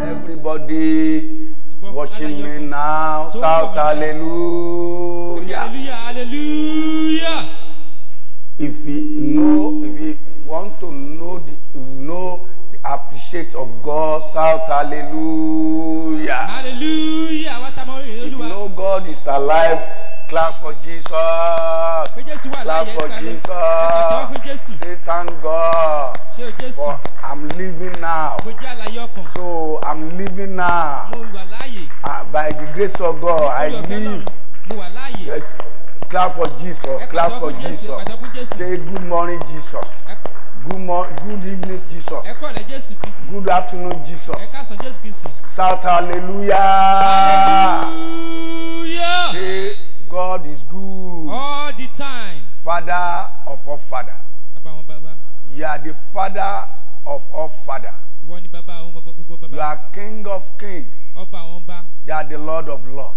Everybody watching me now, shout hallelujah. Hallelujah. If you know, if you want to know the you know the appreciate of God, shout hallelujah. Hallelujah. If you know God is alive, Class for Jesus. Class for Jesus. Say thank God. For I'm living now. So I'm living now. Uh, by the grace of God, I live. Uh, clap for Jesus. Clap for Jesus. Say good morning, Jesus. Good, morning, good evening, Jesus. Good afternoon, Jesus. Shout hallelujah. Hallelujah. Say, God is good. All the time. Father of all father. You are the father of all father. You are king of king. You are the lord of lord.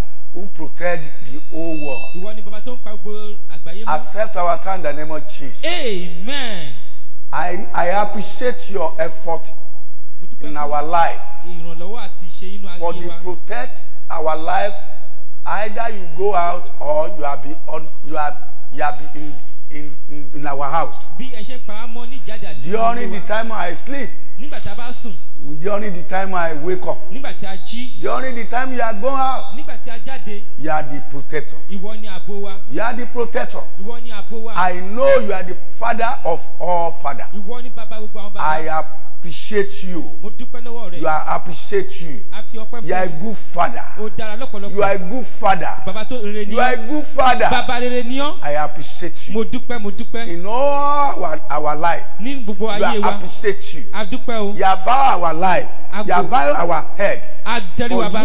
who protect the whole world. Accept our time in the name of Jesus. Amen. I, I appreciate your effort in our life. For the protect our life either you go out or you are be on you are you are be in in, in, in our house. Bí ẹ ṣe pa ní jáde àti ìlú During the time I sleep. Nígbà tá a bá sùn. During the time I wake up. Nígbà tí a jí. During the time you are going out. Nígbà tí a jáde. You are the protector. Ìwọ ni ààbò wa. You are the protector. Ìwọ ni ààbò wa. I know you are the father of all father. Ìwọ ni bàbá gbogbo àwọn bàbá. I have appreciate you. mo dúpẹ́ lọ́wọ́ rẹ. you are appreciate you. a fi ọpẹ́ fún mi. you are a good father. o dára lọ́pọ̀lọpọ̀. you are a good father. baba tó rere ni ọ. you are a good father. baba rere ni ọ. I appreciate you. mo dúpẹ́ mo dúpẹ́. in all our, our life. ní gbogbo ayé wa. you are appreciate you. a dúpẹ́ o. you are about our life. a gbọ́ you are about our head. a dẹ́rù wa bá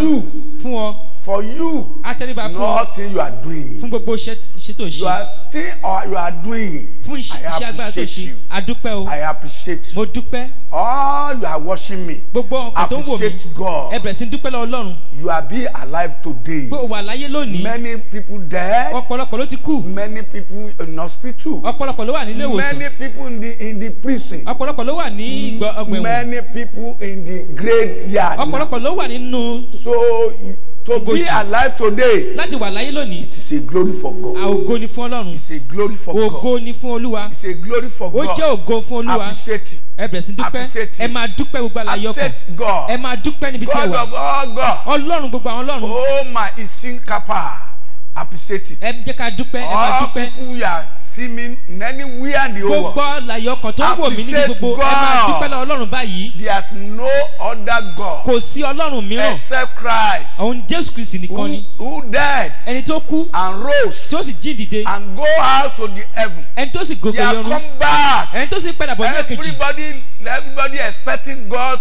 fún ọ for you. atẹríba fún nothing you are doing. fún gbogbo iṣẹ́ tó ń ṣe. you are thing or uh, you are doing. fún iṣẹ́ agbára tó ṣe adúpẹ́ o. I appreciate you. mo dúpẹ́. all you are watching me. gbogbo ọkàn tó ń wò mí. appreciate God. ẹ sí dúpẹ́ lọ Ọlọ́run. you are be alive today. pé wà láyé lónìí. many people dead. ọ̀pọ̀lọpọ̀ ló ti kú. many people in hospital. ọ̀pọ̀lọpọ̀ ló wà nílé ìwòsàn. many people in the in the prison. ọ̀pọ̀lọpọ̀ ló wà ní ọgbẹ̀wọ̀n. many people in the graveyard. ọ̀pọ̀lọpọ̀ ló wà nínú. so to be alive today. láti wà láyé lónìí. it is a glory for God. ògo ni fún ọlọ́run. it is a glory for God. ògo ni fún olúwa. it is a glory for God. ó jẹ́ ògo fún olúwa. appreciate it ẹ bẹ̀rẹ̀ sí dúpẹ́ ẹ máa dúpẹ́ gbogbo àlàyé ọkàn ẹ máa dúpẹ́ níbi tí ẹ wà ọlọ́run gbogbo àwọn ọlọ́run. ó oh mà ìsínkapa appreciate it. ẹ jẹ́ ká dúpẹ́ ẹ máa dúpẹ́. ọkùnrin yà see me in anywhere in the whole world. gbogbo làyọ̀ kan tó ń wò mí ní gbogbo ẹ máa dúpẹ́ lọ ọlọ́run báyìí. there is no other God. kò sí ọlọ́run mìíràn. except Christ. òun Jésù Kristi nìkan ni. who died. ẹni tó kú. and rose. tí sì jí dìde. and go out to the heaven. ẹni tó sì gògè yọrun. they come back. ẹni tó sì padà bọ̀ ní èkejì. everybody everybody expecting God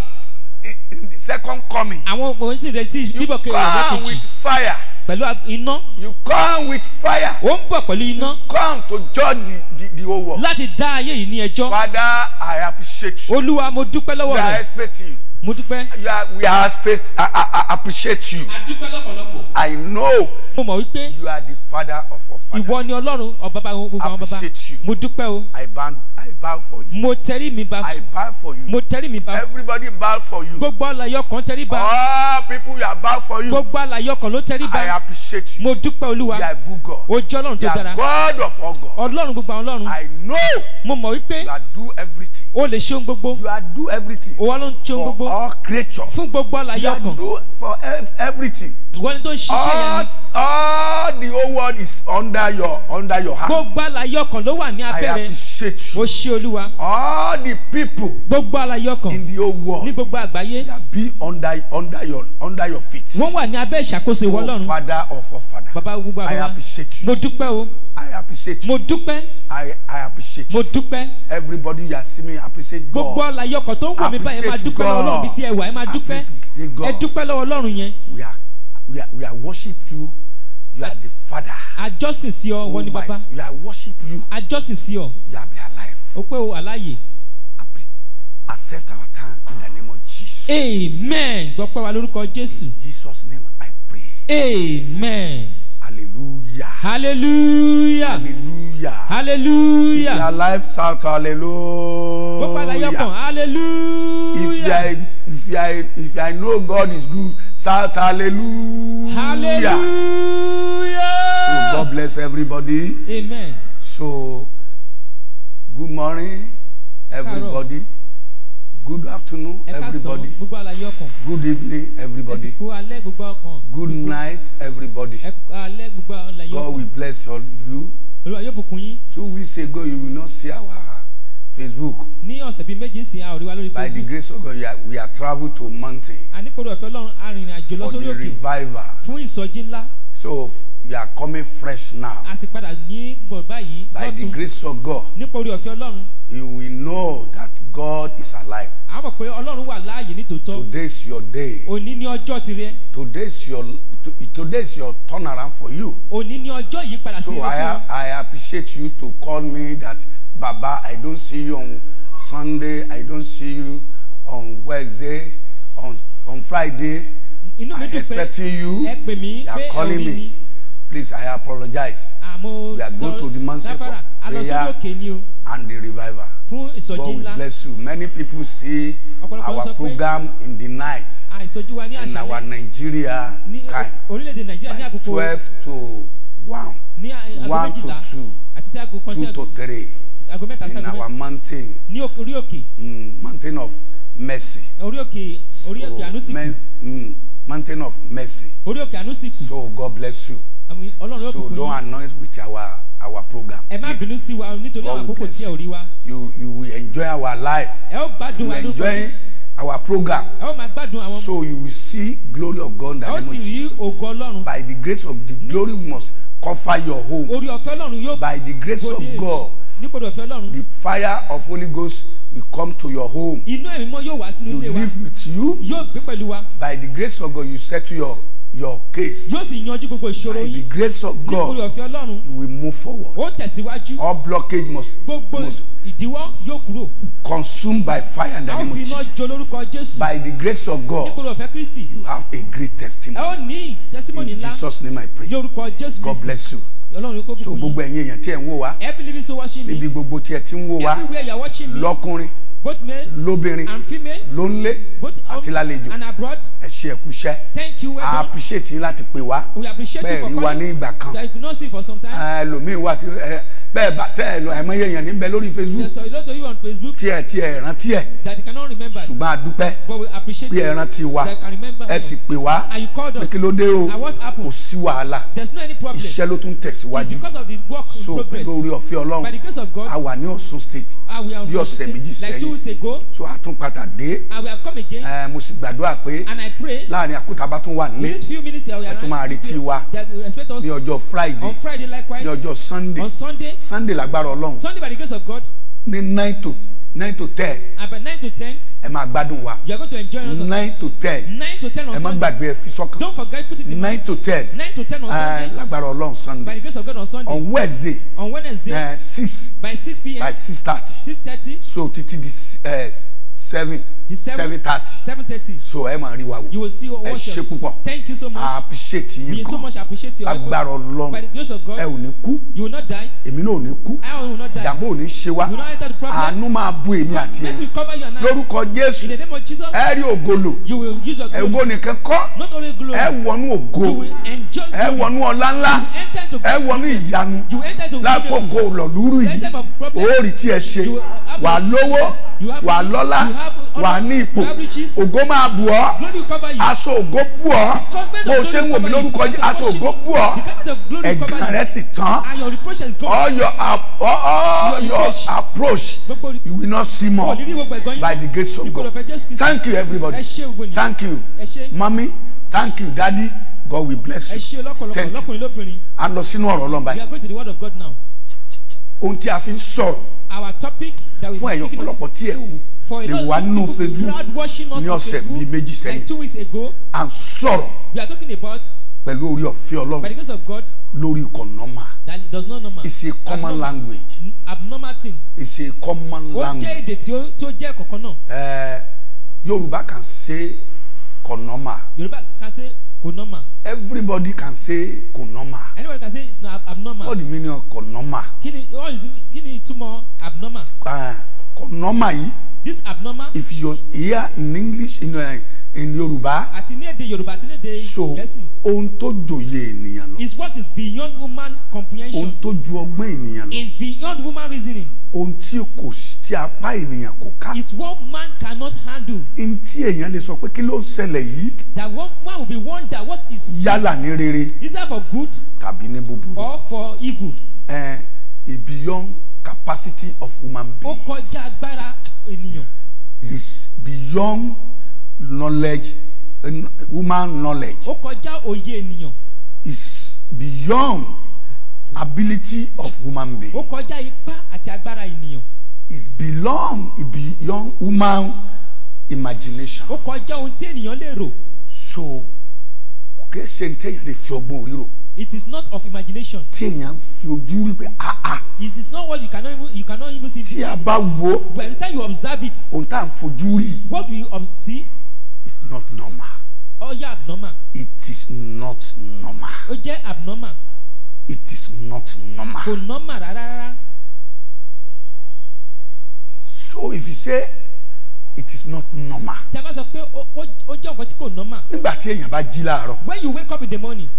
in the second coming. àwọn òun sì retí bíbọ̀ kejì. you come with fire pẹ̀lú iná. you come with fire. ó ń bọ̀ pẹ̀lú iná. you come to judge the, the, the whole world. láti dá ayé yìí ní ẹjọ́. father i appreciate you. olúwa mo dúpẹ́ lọ́wọ́ rẹ. i respect you mo dúpẹ́. you are we are space I, I, appreciate you. a dúpẹ́ lọ́pọ̀lọpọ̀. I know. mo mọ̀ wípé. you are the father of our father. ìwọ ni ọlọ́run ọba bá gbogbo àwọn baba. appreciate you. mo dúpẹ́ o. I bow I bow for you. mo tẹrí mi bá. I bow for you. mo tẹrí mi bá. everybody bow for you. gbogbo alayọ kan tẹrí bá. all people are bow for you. gbogbo alayọ kan ló tẹrí bá. I appreciate you. mo dúpẹ́ olúwa. you are good God. o ọlọ́run tó dára. you are God of all God. ọlọ́run gbogbo àwọn ọlọ́run. I know. mo mọ̀ wípé. you are do everything o lè ṣe gbogbo. you are do everything. for all creatures. fún gbogbo àlàyé ọkàn. you are do for everything. ìwọ tó ń ṣiṣẹ́ yẹn ni. all the whole world is under your under your hand. gbogbo àlàyé ọkàn ló wà ní abẹ́ I appreciate you. o ṣe olúwa. all the people. gbogbo àlàyé ọkàn. in the whole world. ní gbogbo àgbáyé. they be under under your under your feet. wọ́n wà ní abẹ́ ìṣàkóso ìwọ o oh, father of all father. baba gbogbo àwa. I appreciate you. mo dúpẹ́ o. I appreciate you. Mo dúpẹ́. I I appreciate you. Mo dúpẹ́. Everybody you are seeing me appreciate God. Gbogbo ọ̀làyé ọkọ̀ tó ń wọ̀ mí báyìí ẹ máa dúpẹ́ lọ́wọ́ Ọlọ́run bí tí ẹ ẹ máa dúpẹ́. Ẹ dúpẹ́ lọ́wọ́ Ọlọ́run yẹn. We are we are we are worship you. You are the father. Àjọsìn sí ọ wọ ni oh bàbá. We are worship you. Àjọsìn sí ọ. You are be alive. O pé o àláyè. Accept our time in the name of Jesus. Amen. Gbọ́pẹ́ wa lórúkọ Jésù. In Jesus name I pray. Amen. Hallelujah. Hallelujah. Hallelujah. Hallelujah. If your are alive, hallelujah. hallelujah. If I if I if I know God is good, shout hallelujah. Hallelujah. So God bless everybody. Amen. So good morning everybody. Carol. Good afternoon, everybody. Good evening, everybody. Good night, everybody. God will bless all you. Two weeks ago, you will not see our Facebook. By the grace of God, we are, traveling to mountain for the revival. So you are coming fresh now. By the grace of God, you will know that God is alive. a mọ̀ pé ọlọ́run wà láàyè nítòótọ́. today is your day. òní ni ọjọ́ tirẹ̀. today is your today is your turnaround for you. òní ni ọjọ́ ìyípadà sí ìrẹ́fọ́. so I, I appreciate you to call me that baba I don't see you on Sunday I don't see you on Wednesday on on Friday. inú mi dùn pé I expecting you. ẹ pè mí pé ẹ rí mi. Please, I apologize. Àmọ́ we are going to the mansion for prayer and the revival fún ìsọjí ńlá. God bless you. Many people see our program in the night in our Nigeria time by twelve to one, one to two, two to three in our mountain, mm, mountain of mercy. So, mm, mountain of mercy. So God bless you. So don't annoy with our our program. ẹ má bínú sí you you will enjoy our life. ẹ ó enjoy our program. so you will see glory of God that the Jesus. by the grace of the glory we must cover your home. by the grace of God. the fire of Holy Ghost will come to your home. you live with you. by the grace of God you set your your case. yóò sì yanjú gbogbo ìṣòro yín. by the grace of God. nítorí ọ̀fẹ́ ọlọ́run. you will move forward. ó tẹ̀síwájú. all blockage must. gbogbo ìdíwọ́ yóò kúrò. consumed by fire and the name a ó fi iná jó lórúkọ Jésù. by the grace of God. nítorí ọ̀fẹ́ Kristi. you have a great testimony. ẹ ó ní testimony ńlá. in Jesus name I pray. lórúkọ Jésù God bless you ọlọ́run kó bùkún yín so gbogbo ẹ̀yin èèyàn tí ẹ ń wò wá níbi gbogbo tí ẹ ti ń wò wá lọ́kùnrin both male lóbìnrin and female ló ń lé àti lálejò ẹ ṣe ẹkú iṣẹ́ thank you appreciate yín láti pè wá we appreciate you for calling bẹ́ẹ̀ rí wa ní ìgbà kan ẹlòmíín wà tí ẹ bẹ́ẹ̀ bá tẹ́ ẹ lọ àìmọye èèyàn níbẹ̀ lórí facebook tí ẹ tí ẹ rántí ẹ ṣùgbọ́n a dúpẹ́ pé ẹ rántí wa ẹ sì pè wá pé kí ló dé o kò sí wàhálà iṣẹ́ ló tún tẹ̀síwájú so pẹ̀lú orí ọ̀fẹ́ ọlọ́run a wà ní ọ̀sun state bí ọ̀sẹ̀ méjì sẹ́yìn so a tún padà dé ẹ mo sì gbàdúrà pé láàrin àkútà bá tún wà nílé ẹ tún máa retí wa ní ọjọ́ friday ní ọjọ́ sunday sunday lágbára ọlọ́run. sunday by the grace of God. ní nine to nine to ten. about nine to ten. ẹ máa gbádùn wa. you are going to enjoy Sunday. nine to ten. nine to ten on sunday. ẹ má gbàgbé ẹ fi don't forget put it in mind. nine to ten. nine to ten on sunday. lágbára ọlọ́run sunday. by the grace of God on sunday. on wednesday. on wednesday. Uh, six. by six pm. by six thirty. six thirty. so títí di. Uh, seven seven thirty so ẹ máa rí wa wò ẹ ṣe púpọ̀ thank you so much I appreciate yín kan agbára ọlọ́run ẹ ò ní kú èmi náà ò ní kú jàmbá ò ní ṣe wá àánú máa bu èmi àti ẹ lórúkọ jésù ẹ rí ògolo ògo nìkan kọ́ ẹ wọnú ògo ẹ wọnú ọlá ńlá ẹ wọnú ìyanu lákòókò lọ́lúrú yìí ó rí tí ẹ ṣe wà lówó wà lọ́lá wà ní ipò ògo máa bù ọ́ aṣọ ògo bù ọ́ bó o ṣe ń wò mí lórúkọ yìí aṣọ ògo bù ọ́ ẹ̀gàn rẹ̀ sì tán all your all your approach you will not see more by the grace of God thank you everybody thank you mami thank you daddy God will bless you thank you a lọ sínú ọ̀rọ̀ ọlọ́mọba yìí ohun tí a fi ń sọ̀rọ̀ fún ẹ̀yọ̀ ọ̀pọ̀lọpọ̀ tí ẹ̀ wò. For lè wà nínú facebook ní ọ̀sẹ̀ bíi méjì sẹ́yìn à ń sọ̀rọ̀ pẹ̀lú orí ọ̀fẹ́ ọlọ́run lórí ìkọ̀nọ́mà it's a common language Abnormal thing. it's a common language. ó jẹ́ èdè tí ó jẹ́ kọ̀ọ̀kan náà. yorùbá can say kọ̀nọ́mà. yorùbá can say konoma. everybody can say konoma. anybody can say it's na abnormal. what do you mean of konoma. kí ni what is kí ni ìtumọ̀ abnormal. Uh, abnormal yìí. this abnormal. if you hear in English in, uh, in Yorùbá. àti ní èdè Yorùbá àti ní èdè Gẹ̀ẹ́sì. so ohun tó jòyè ènìyàn lọ. is what is beyond human comprehension. ohun tó ju ọgbọ́n ènìyàn lọ. is beyond human reasoning. ohun tí kò tí apá ènìyàn kò ká. is what man cannot handle. n tí èèyàn lè sọ pé kí ló ń ṣẹlẹ̀ yìí. that one man will be wonder what is. yálà ní rere. is that for good. tàbí ní búburú. or for evil. ẹ uh, e beyond capacity of human being. ó kọjá agbára ènìyàn. is beyond knowledge uh, human knowledge. ó kọjá òye ènìyàn. is beyond ability of human being. ó kọjá ipá àti agbára ènìyàn. is beyond beyond human imagination. ó kọjá ohun tí ènìyàn lè rò. so kò kẹ́ ṣe ń tẹ̀yàn lè fi ọgbọ́n orí rò it is not of imagination. tí fi ojú rí pé ah ah. it is not what you cannot even you cannot even see. tí a bá wo. by the time you observe it. ohun tá à fojú rí. what we see. is not normal. ó oh, yẹ abnormal. it is not normal. ó jẹ́ abnormal. it is not normal. kò normal rárá rárá. so if you say it is not normal. tí a bá sọ pé ó jẹ́ nǹkan tí kò normal. nígbà tí èèyàn bá jí láàárọ̀. when you wake up in the morning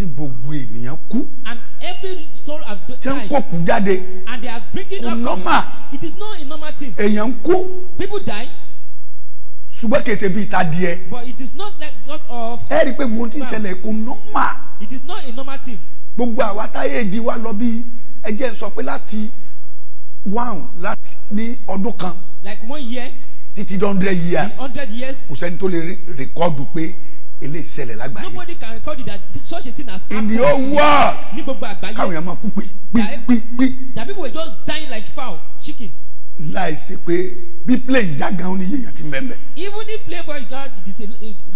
tí gbogbo ènìyàn kú. and every soul have died. tí ń kó jáde. and they are bringing up. kò normal. it is not a normal thing. èèyàn ń kú. people die. ṣùgbọ́n kèsè bíi ta but it is not like that of. ẹ rí i pé gbogbo ohun tí ń ṣẹlẹ̀ kò normal. it is not a normal thing. gbogbo àwa táyé èjì wa lọ bí ẹ sọ pé láti one láti ní ọdún kan. like one year. títí hundred years. hundred years. kò sẹ́ni tó lè rẹ́kọ́ọ̀dù pé eléyìí ṣẹlẹ̀ lágbàáyé. nobody can record that such a thing has happened. in the whole world. ní gbogbo àgbáyé. káwọn èèyàn máa kú pé pé pé. that people were just dying like fowl chicken. láìsí pé bí plane já gan ni yéèyàn ti bẹ́ẹ̀ bẹ́ẹ̀. even if plane boy gan it is a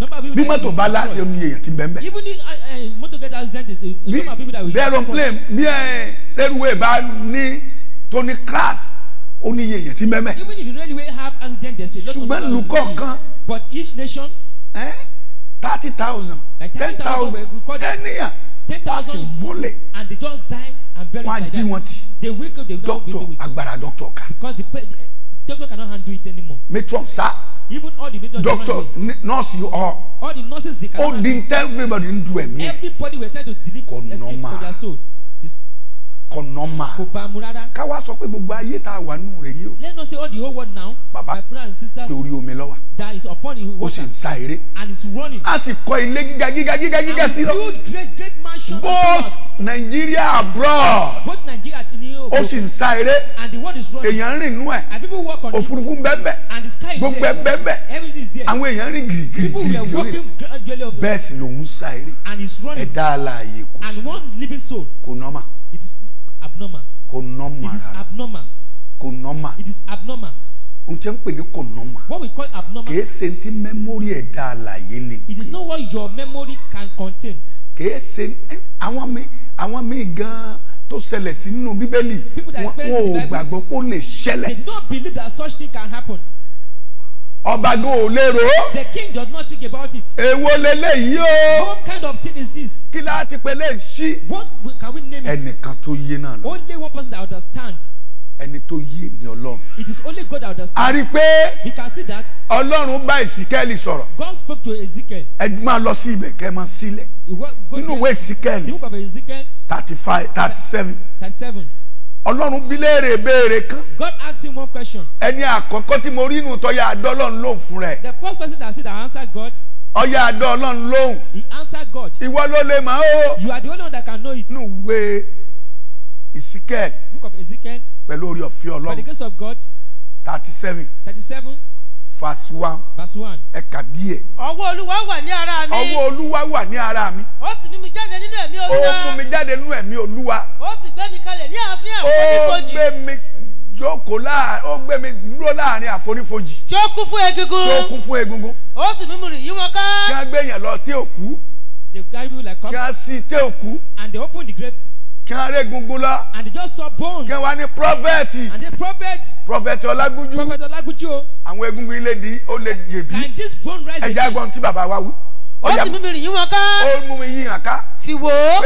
number of people. bí mọ́tò bá láti omi yéèyàn ti bẹ́ẹ̀ bẹ́ẹ̀. even if uh, uh, motor get accident it number of people that will. bí aeroplane bí eh, railway bá ní tó ní ó ní yéèyàn ti bẹ́ẹ̀ bẹ́ẹ̀. even if the railway have accident there is a lot of. ṣùgbọ́n lukọ̀ kan. but each nation. Eh? thirty thousand ten thousand and they ènìyàn wọ́n sì múlẹ̀ wọ́n á jí wọn ti doctor agbára doctor the eh, doctor cannot handle it anymore. matron sir. even all the matron. doctor nurse you all. all the nurses they cannot. ó tell everybody do ẹ̀mí ẹ̀. everybody were trying to deliver escape from their soul kò nọ́mà. ká wá sọ pé gbogbo ayé tá a wà nù rẹ̀ yìí o. let us say all the whole world now. baba brothers and sisters. torí omi lọ́wọ́. that is upon him ó sì ń sa eré. and is running. a sì kọ́ ilé gíga gíga gíga gíga sí lọ. great great mansion. both nigeria abroad. both nigeria and ó sì ń sa eré. the world is running. èèyàn ń rìn nú ẹ̀. and people walk on òfurufú ń and the sky is there. gbogbo ẹ̀ bẹ́ẹ̀ is there. àwọn èèyàn ń rìn gírígírí. walking gradually. Uh, bẹ́ẹ̀ sì lòun sa eré. is running. ẹ̀dá alààyè kò sí. and one living soul. kò nọ́mà. It is abnormal. Kò normal. It is abnormal. Kò normal. It is abnormal. Ohun tí ń pè ní kò normal. What we call abnormal. Kìí ṣe ti mẹ́mórì ẹ̀dá àlàyé lè It is not what your memory can contain. Kìí ṣe àwọn mi àwọn mi gan tó ṣẹlẹ̀ sí nínú Bíbélì. People that experience the Bible. Wọn ò gbàgbọ́ pé ó lè ṣẹlẹ̀. They do not believe that such thing can happen ọba gan ò lérò. the king does not think about it. èwo leléyìí o. what kind of thing is this. kí la ti pè lè ṣí. what can we name it. ẹnìkan tó yé náà lọ. only one person that understand. ẹni tó yé ni ọlọ́run. it is only God that understand. a rí i pé. we can see that. ọlọ́run bá ezekiel sọ̀rọ̀. God spoke to Ezekiel. ẹ máa lọ sí ibẹ̀ kẹ́ ẹ máa sílẹ̀. nínú ìwé ezekiel. the book of Ezekiel. thirty five thirty seven. thirty seven ọlọ́run bi béèrè kan. God asked him one question. ẹni àkọ́kọ́ tí mo rí inú tọ́yà àdọ́ ọlọ́run lóhùn fún rẹ̀. the first person that said that answered God. ọyà àdọ́ ọlọ́run lóhùn. he answered God. ìwọ ló lè mọ̀ o. you are the only one that can know it. nínú ìwé Ezekiel. book of Ezekiel. pẹ̀lú orí ọ̀fẹ́ ọlọ́run. by the grace of God. thirty seven. thirty seven verse one. verse one. ẹ kà díẹ̀. ọwọ́ olúwa wà ní ara mi. ọwọ́ olúwa wà ní ara mi. ó sì mú mi jáde nínú ẹ̀mí olúwa. ó mú mi jáde nínú ẹ̀mí olúwa. ó sì gbé mi kalẹ̀ ní àárín àfonífojì. ó gbé mi jókòó láàrin ó gbé mi dúró láàrin àfonífojì. tí ó kún fún egungun. tí ó kún fún egungun. ó sì mímú rìn yí ká. kí wọ́n gbé yàn lọ tí ò kú. they carry you like cups. kí wọ́n sì tí ò kú. and they open the grave kí wọ́n rẹ̀ gungun la. and they just saw bones. kí wọ́n ní prọfẹ̀tì. and the prophet. prọfẹ̀tì ọlágúnjú. prophet ọlágúnjú o. àwọn egungun ilé di ó lè yèbí. can this bone rise again. ẹja gbọ́n tí bàbá wa wí. ó sì mú mi rìn yín wọn ká. ó mú mi yín àká. sì wò ó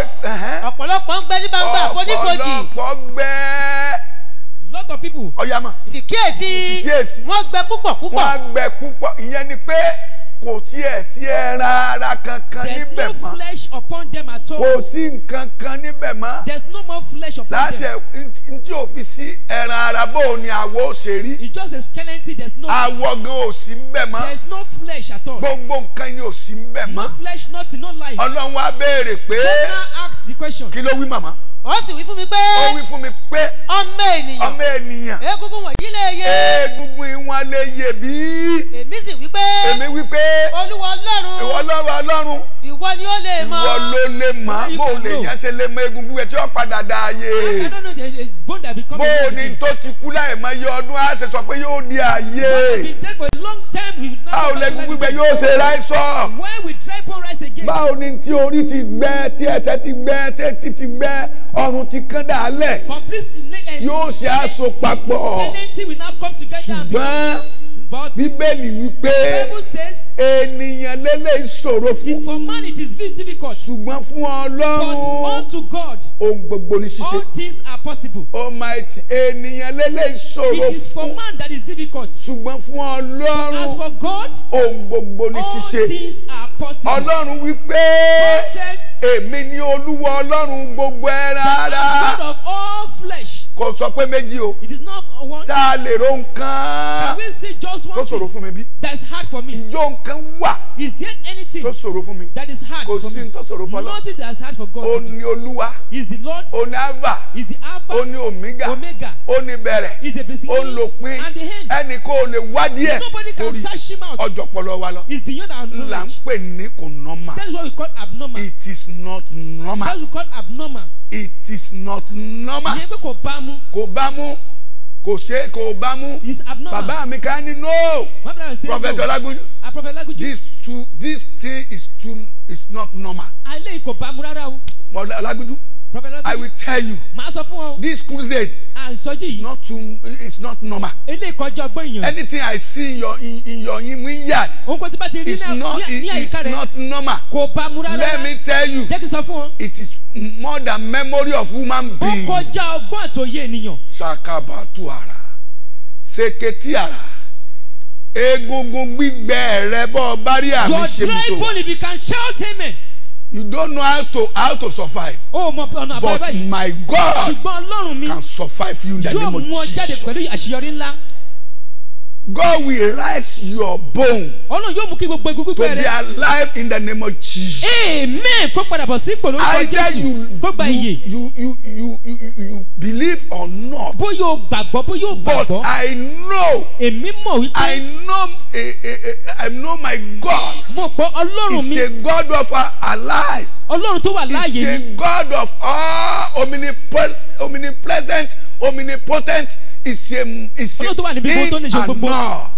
ọ̀pọ̀lọpọ̀ ń gbẹ ní gbangba fonífojì. ọ̀pọ̀lọpọ̀ gbẹ lot of people. ọ̀yàmà. sì kíyèsí. sì kíyèsí. wọ́n gbẹ púpọ̀ púpọ̀. wọ́n gbẹ púpọ̀ ìyẹn kò tiẹ̀ sí ẹran ara kankan níbẹ̀ mọ́. there is no flesh upon them at all. kò sí nǹkan kan níbẹ̀ mọ́. there is no more flesh upon them. láti ẹ njẹ́ òfin sí ẹran ara bó ni àwọ̀ ṣe rí. it's just a skeleton there no. àwọ̀ gan ò sí níbẹ̀ mọ́. flesh at all. gbogbo nǹkan ni ò sí níbẹ̀ mọ́. life. ọlọ́run á béèrè pé. God now ask the question. kí ló wí màmá ó sì wí fún mi pé. ó wí fún mi pé. ọmọ ènìyàn. ọmọ ènìyàn. egungun wọ̀nyí lè yẹ. egungun ìwọ̀n lè yẹ bí. èmi sì wí pé. èmi wí pé. olúwa ọlọ́run. ìwọ ọlọ́run ọlọ́run ìwọ ni ó lè mọ. ìwọ ló lè mọ bó o lè yẹn ṣe lè mọ egungun rẹ tí ó padà dà ààyè. bó o ní tó ti kú láì mọ iye ọdún á sọ pé yóò di ààyè. báwo lè egungun gbẹ yóò ṣe ráìsọ. báwo ni tí orí ti gbẹ tí ẹsẹ̀ ti gbẹ tẹ́tí ti gbẹ ọrùn ti kán dà yóò ṣe àṣọ papọ̀. ṣùgbọ́n. But bíbélì wípé ènìyàn lélẹ̀ ìṣòro fún ṣùgbọ́n fún ọlọ́run ohun gbogbo ní ṣíṣe almighty ènìyàn lélẹ̀ ìṣòro fún ṣùgbọ́n fún ọlọ́run ohun gbogbo ní ṣíṣe ọlọ́run wípé èmi ni olúwa ọlọ́run gbogbo ẹran ara kò sọ pé méjì o sáà lè ro nǹkan just one thing. tó ṣòro fún mi bí. that is hard for me. ìjọ nǹkan wà. is there anything. tó ṣòro fún mi. that is hard for me. kò sí tó ṣòro fọlọ. nothing that is hard for God. ó olúwa. is the lord. ó ní is the alpha. ó omega. omega. ó bẹ̀rẹ̀. is the beginning. ó ń and the end. ẹnì kò lè wádìí ẹ̀. nobody can search him out. ọjọ́ pọlọ wa lọ. is beyond our knowledge. là ń pè ní kò normal. that is what we call abnormal. it is not normal. that is what we call abnormal. it is not normal. ìyẹn pé kò bá mú. kò bá mú kò ṣe kò bá mú bàbá mi ká ní no ah, prophet Olagunju this too this thing is too is not normal. àìlè kò bá mu rárá o. Olagunju. I will tell you. Màá sọ fún ọ. This crusade. Àìsọjí yìí. It's not too it's not normal. Ilé ìkọjọ ọgbọ́n Anything I see in your in, in your yard Ohun kan tí bá ti rí ní àyíká rẹ̀. It's not normal. Kò bá mu rárá. Let me tell you. Jẹ́ kí n sọ fún ọ. It is more than memory of human being. Ó kọjá ọgbọ́n àtòyé ènìyàn. Ṣakabatu ara, ṣèketí ara egungun gbígbẹ rẹ bọ bá rí àmì ṣe mi tó. your dry bone if you can shout amen. You don't know how to how to survive. O mọ ọ̀nà àbáyọ báyìí. But my God can survive you in the name of Jesus. Yóò mú ọ jáde pẹ̀lú àṣeyọrí ńlá. God will rise your bone. Ọlọ́run yóò mú kí gbogbo egungun gbẹ To be alive in the name of Jesus. Amen. Kó padà bọ̀ sí ipò lórúkọ Jésù. Kó gba iye. You you you you you believe or not. Bóyá o gbàgbọ́ bóyá o gbàgbọ́. But I know. Èmi mọ̀ wípé. I know a a a I know my God. Mo gbọ́ Ọlọ́run mi. He's a God of alive. Ọlọ́run tó wà láàyè mi. He's a God of all omnipresent. omnipresent omnipotent is a is a in and now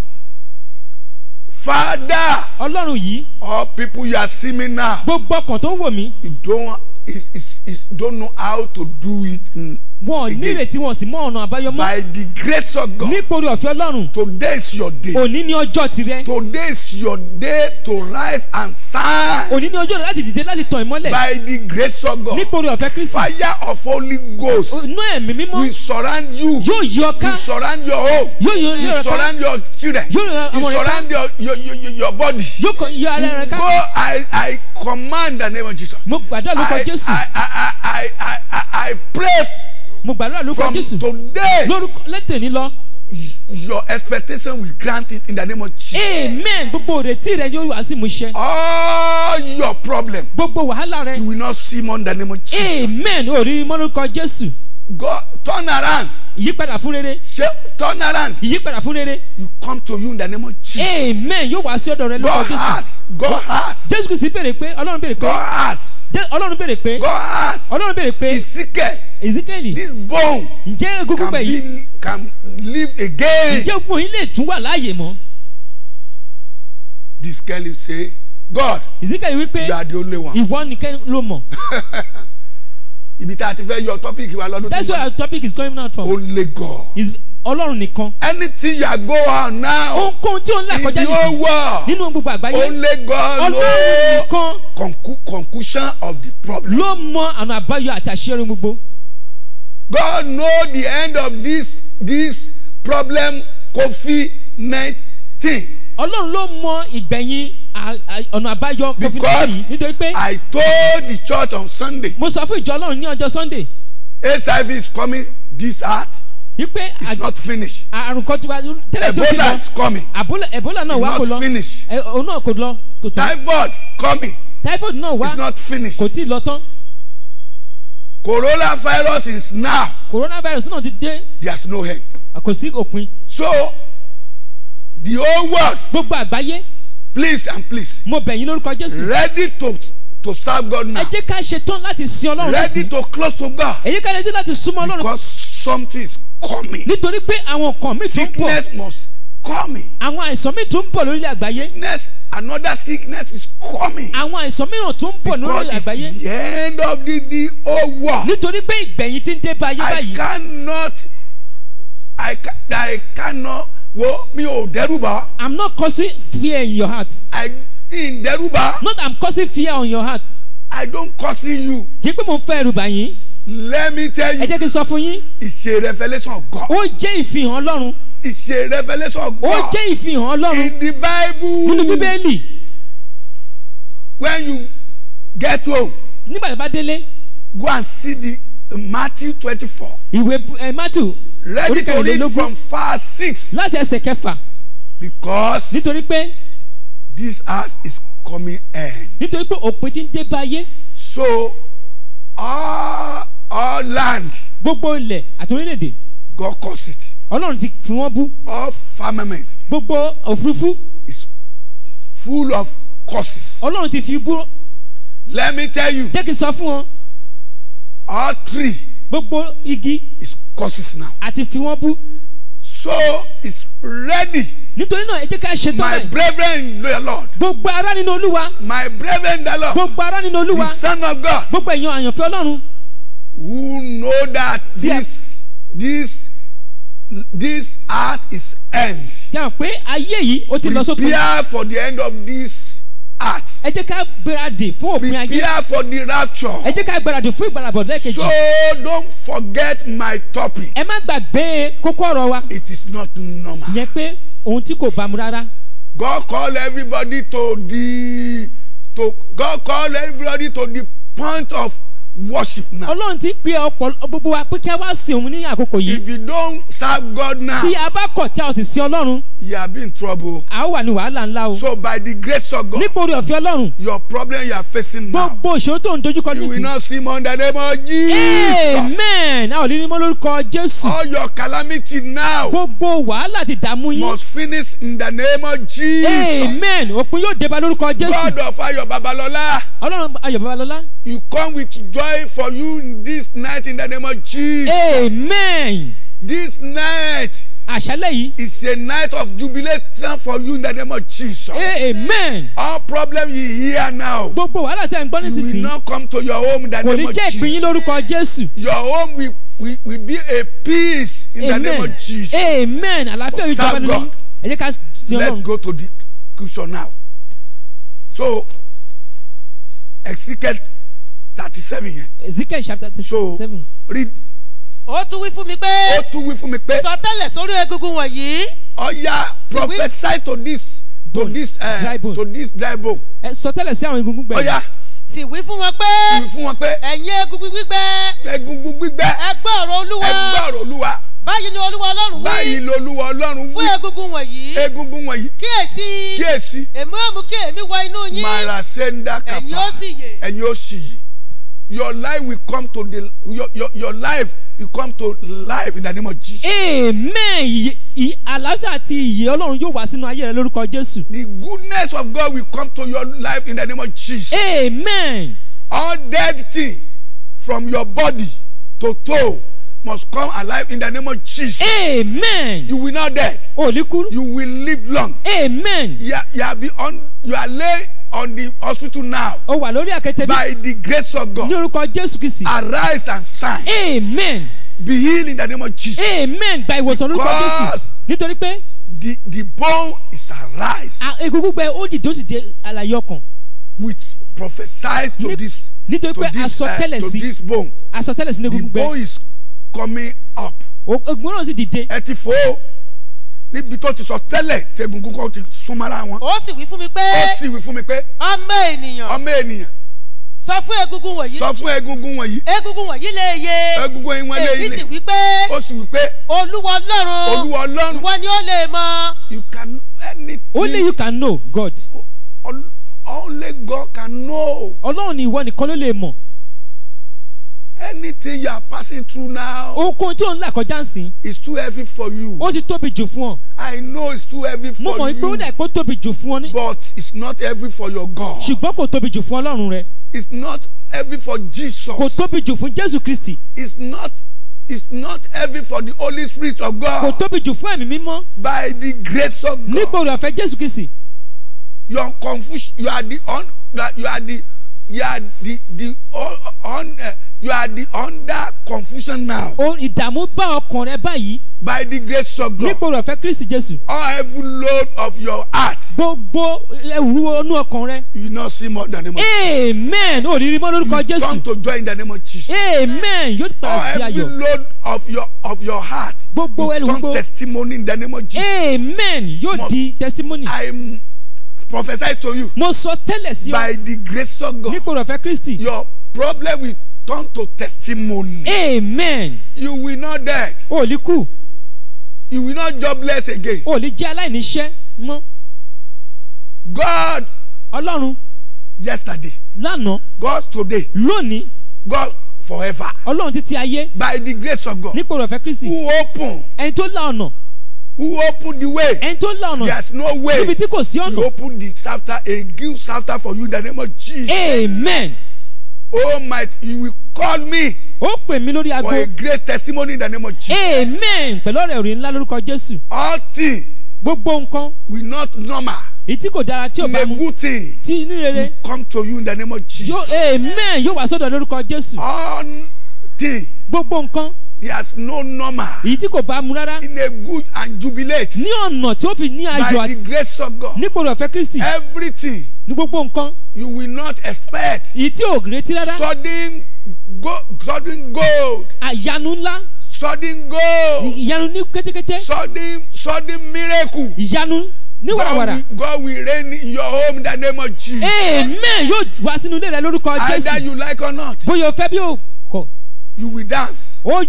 father. ọlọ́run yìí. all people you are seeing me now. gbogbo ọkàn tó ń wò mí. you don't is is is don't know how to do it. Mm wọn nírètí wọn sì mọ ọ̀nà àbáyọ by the grace of God. nípòrí ọ̀fẹ́ ọlọ́run. today is your day. òní ni ọjọ́ tirẹ̀. today is your day to rise and shine. òní ni ọjọ́ rẹ láti dìde láti tàn ìmọ́lẹ̀. by the grace of God. nípòrí ọ̀fẹ́ kristi. fire of holy ghost. inú ẹ̀mí mímọ́. we surround you. yóò yí ọ we surround your home. yóò yí ọ we surround your children. yóò yí ọmọ rẹ ká. we surround your your your, your body. yóò yí ara rẹ ká. go I I command the name of Jesus. mo gbàdúrà lórúkọ Jésù. I I I I I pray mo gbàdúrà lórúkọ Jésù lórúkọ lẹ́tẹ̀ ní lọ. Your expectation will grant it in the name of Jesus. Amen. Gbogbo ìrètí rẹ yóò wá sí ìmúṣẹ. All your problem. Gbogbo wàhálà rẹ. You will not see more in the name of Jesus. Amen. Orí mọ́lúkọ Jésù. God turn around. Ìyípadà fún rere. Ṣé turn around. Ìyípadà fún rere. You come to you in the name of Jesus. Amen. Yóò wá sí ọ̀dọ̀ rẹ lórúkọ Jésù. God has. God has. Jésù kìí sí béèrè pé Ọlọ́run béèrè pé. God has ọlọ́run béèrè pé ọlọ́run béèrè pé ezekiel this bone ǹjẹ́ egungun bẹ̀ yìí can live again ǹjẹ́ egungun yìí lè tún wà láàyè mọ́. the skelly say God ezekiel wípé you are the only one ìwọ nìkan ló mọ̀. ibi tá a ti fẹ́ yọ topic wa lọ́dún tí wọ́n. that's why our topic is coming out from. only God ọlọ́run nìkan. anything you go on now. ohunkóhun tí o ń là kọjá nìyí nínú gbogbo àgbáyé. only God ló ọlọ́run nìkan. conclusion of the problem. ló mọ ọ̀nà àbáyọ àti àṣeyọrí gbogbo. God know the end of this this problem COVID nineteen. ọlọ́run ló mọ ìgbẹ̀yìn ọ̀nà àbáyọ COVID nineteen nítorí pé. because I told the church on Sunday. mo sọ fún ìjọ ọlọ́run ní ọjọ́ Sunday. HIV is coming this hard wípé it's not finished. àrùn kan ti wá tẹ́lẹ̀ tí ó ti lọ ebola is coming. ebola náà wá kò lọ it's not finished. òun náà kò lọ kò tán. typhoid coming. typhoid náà wá it's not finished. kò tí lọ tán. coronavirus is now. coronavirus náà ti dé. there is no end. kò sí òpin. so the whole world. gbogbo àgbáyé. please and please. mo bẹ̀ lórúkọ Jésù. ready to to serve God now. ẹ jẹ́ ká ṣe tán láti sin ọlọ́run lẹ́sìn. ready to close to God. èyí ká retí láti súnmọ́ ọlọ́run. because something is coming. nítorí pé àwọn nǹkan mi tún bọ̀. sickness must come. àwọn àìsàn mi tún bọ̀ lórílẹ̀ àgbáyé. sickness another sickness is coming. àwọn àìsàn mìíràn tún bọ̀ lórílẹ̀ àgbáyé. because it's the end of the the whole world. nítorí pé ìgbẹ̀yìn ti ń dé bá báyìí. I cannot I, can, I cannot wo mi ò dẹ́rù bá. I'm not causing fear in your heart. I ìdẹ́rùbà. not I'm causing fear on your heart. I don't cause you. kì pé mo ń fẹ́ ẹrù yín. let me tell you. ẹ jẹ́ kí n sọ fún yín. ìṣe revelation of God. ó jẹ́ ìfihàn Ọlọ́run. ìṣe revelation of God. ó jẹ́ ìfihàn Ọlọ́run. in the bible. nínú bíbélì. when you get home. nígbà tí a bá délé. go and see the Matthew twenty-four. ìwé Matthew. ready to read from verse six. láti ẹsẹ̀ kẹfà. because. nítorí pé this house is coming end. nítorí pé òpin ti ń dé báyé. so all all land. gbogbo ilẹ̀ àti orílẹ̀-èdè. God curse it. ọlọ́run ti fi wọ́n bú. all firmament. gbogbo òfurufú. is full of causes. ọlọ́run ti fi bú. let me tell you. jẹ́ kí n sọ fún wọn. all tree. gbogbo igi. is causes now. àti fi wọ́n bú so it's ready. nítorí náà ẹ jẹ́ ká ṣe tán rẹ̀. my brethren the lord. gbogbo ara nínú olúwa. my brethren the lord. gbogbo ara nínú olúwa. the son of God. gbogbo èèyàn àyànfẹ́ ọlọ́run. who know that this this this earth is end. jà pé ayé yìí ó ti lọ sópin. prepare for the end of this heart. ẹ jẹ́ ká gbéradì fún òpin ayé. prepare for the rapture. ẹ jẹ́ ká gbéradì fún ìgbàlàbọ̀ lẹ́ẹ̀kejì. so don't forget my topic. ẹ má gbàgbé kókó ọ̀rọ̀ wa. it is not normal. yẹn pé ohun tí kò bámu rárá. God call everybody to the to God call everybody to the point of worship now. ọlọ́run ti pe ọ̀pọ̀ gbogbo wa pé kí a wá sin òun ní àkókò yìí. if you don serve God now. tí a bá kọ̀ tí a ò sì sin ọlọ́run. you are been in trouble. a ó wà ní wàhálà ńlá o. so by the grace of God. nípa orí ọ̀fẹ́ ọlọ́run. your problem you are facing now. gbogbo ìṣòro tó ń dojúkọ nísìnyí. you will not see monday name of Jesus. amen a ò ní ní mọ́ lórúkọ Jésù. all your calamity now. gbogbo wàhálà ti dààmú yín. must finish in the name of Jesus. amen òpin yóò dé bá lórúkọ Jésù. God of Ayọ̀ babalola? ọlọ́run Ayọ̀ Babalọ́lá. you come with joy joy for you this night in the name of Jesus. Amen. This night. Àṣálẹ̀ yìí. It's a night of jubilation for you in the name of Jesus. Amen. All problems you hear now. Gbogbo wàhálà tẹ̀ ń gbọ́ nísinsìnyí. You will not come to your home in the name of Jesus. Kò ní jẹ́ ìpín lórúkọ Jésù. Your home will, will, will be a peace in Amen. the name of Jesus. Amen. Àlàáfíà yóò jọba nínú. Ẹ ká sin Ọlọ́run. Let's go to the cushion now. So, execute thirty seven yẹn. Ezekiel chapter thirty seven. so read. ó tún wí fún mi pé. ó tún wí fún mi pé. sọtẹ́lẹ̀ sórí egungun wọ̀nyí. ọ̀ya prophesy to this to this eh, to this dry bone. ẹ sọtẹ́lẹ̀ sí àwọn egungun gbẹ̀yìn. ọ̀ya sì wí fún wọn pé. wí fún wọn pé. ẹ̀yin egungun gbígbẹ. egungun gbígbẹ. ẹ gbọ́ ọ̀rọ̀ olúwa. ẹ gbọ́ ọ̀rọ̀ olúwa báyìí ni olúwa ọlọ́run wí. báyìí ni olúwa ọlọ́run wí. fún egungun wọ̀nyí. egungun wọ̀nyí. kíyèsí. kíyèsí. èmi ó mú kí èmi wọ inú yín. màrà sẹ́ńdà kàpá ẹ̀yin ó sì yè. ẹ̀yin ó sì yè your life will come to the your your, your life will come to life in the name of Jesus. amen àlàáfíà àti ìyè ọlọ́run yóò wá sínú ayé rẹ lórúkọ jésù. the goodness of God will come to your life in the name of Jesus. amen. all dead thing from your body to toe must come alive in the name of Jesus. Amen. You will not die. Olíkúrú. You will live long. Amen. You are, you are beyond you are lay on the hospital now. o wà lórí àkété bí. by the grace of God. ní orúkọ Jésù Kristi. arise and sign. amen. be healed in the name of Jesus. amen. By ìwòsàn lórúkọ Jésù. because nítorí pé. the the bone is arise. egungun gbẹ ó dìde ó sì dé àlàyé ọkàn. which prophesies to this. nítorí pé àsọtẹ́lẹ̀ uh, sí to this bone. àsọtẹ́lẹ̀ sí ní egungun gbẹ. the bone is coming up. egungun náà sì dìde. ẹ ti fò níbi tó ti sọ tẹ́lẹ̀ tegungun kó ti súnmọ́ra wọn. ó sì wí fún mi pé. ó sì wí fún mi pé. ọmọ ènìyàn. ọmọ ènìyàn. sọ fún egungun wọ̀nyí. sọ fún egungun wọ̀nyí. egungun wọ̀nyí lè ye. egungun yìí lè ye. èyí sì wí pé. ó sì wí pé. olúwa ọlọ́run. olúwa ọlọ́run. ìwọ ni ó lè mọ. you can anything. only you can know God. only God can know. ọlọ́run ni ìwọ nìkan ló lè mọ̀ anything you are passing through now. ohunkóhun tí ò ń là kọjá ń sìn. is too heavy for you. ó ti tóbi jù fún ọ. I know it's too heavy for you. mo mọ̀ pé ó dà pé ó tóbi jù fún ọ. but it's not heavy for your God. ṣùgbọ́n kò tóbi jù fún ọlọ́run rẹ. it's not heavy for Jesus. kò tóbi jù fún Jésù Kristi. it's not It's not heavy for the Holy Spirit of God. kò tóbi jù fún ẹ̀mí mímọ́. by the grace of God. nípa orí ọ̀fẹ́ Jésù Kristi. your confusion you are the un you are the you are the the un. Uh, you are the under confusion now. o ìdààmú bá ọkàn rẹ báyìí. by the grace of God. nípò rẹ̀ fẹ́ Kristi Jésù. all every load of your heart. gbogbo ẹrù ọnú ọkàn rẹ. you no see more than the name of Jesus. amen òrìrì mọ́ lórúkọ Jésù. you come to join the name of Jesus. amen yóò padà di ayọ̀. all every load of your of your heart. gbogbo ẹrù gbogbo you come testimony in the name of Jesus. amen yóò di testimony. I'm prophesy to you. mo sọ tẹ́lẹ̀ sí ọ. by the grace of God. nípò rẹ̀ fẹ́ Kristi. your problem with turn to testimony. amen. you will not die. o ò ní kú. you will not jobless again. o ò ní jẹ́ aláìníṣẹ́ mọ́. God. Ọlọ́run. yesterday. lánàá. God today. lónìí. God forever. Ọlọ́run títí ayé. by the grace of God. nípò rẹ̀ Kristi. who open. ẹni tó la ọ̀nà. who open the way. ẹni tó la ọ̀nà. there is no way. níbi tí kò sí ọ̀nà. he open the chapter a give chapter for you in the name of Jesus. amen. oh might you will Call me. ó pè mí lórí aago. for a great testimony in the name of Jesus. amen pẹ̀lú ọ̀rẹ́ òrìn ńlá lórúkọ Jésù. all things. gbogbo nǹkan. we not normal ìtí kò dára tí o bá mu tí ní rere come to you in the name of Jesus. yóò amen yóò wá sọ́dọ̀ lórúkọ Jésù. all things. gbogbo nǹkan there's no normal. èyí tí kò bá mu rárá. in a good and jubilate. ní ọ̀nà tí ó fi ní ayọ̀ àti. by the grace of God. nípò rẹ̀ ọ̀fẹ́ Kristi. everything ní gbogbo nǹkan. you will not expect. èyí ò retí rárá. sudden go sudden gold. àyanu ńlá. sudden gold. ìyanu ní kétékété. sudden sudden miracle. ìyanu ní wàràwàrà. God will reign in your home in the name of Jesus. amen yóò wá sínú ilé rẹ lórúkọ Jésù. either you like or not. bóyá o fẹ́ bí o kọ̀. you will dance. ó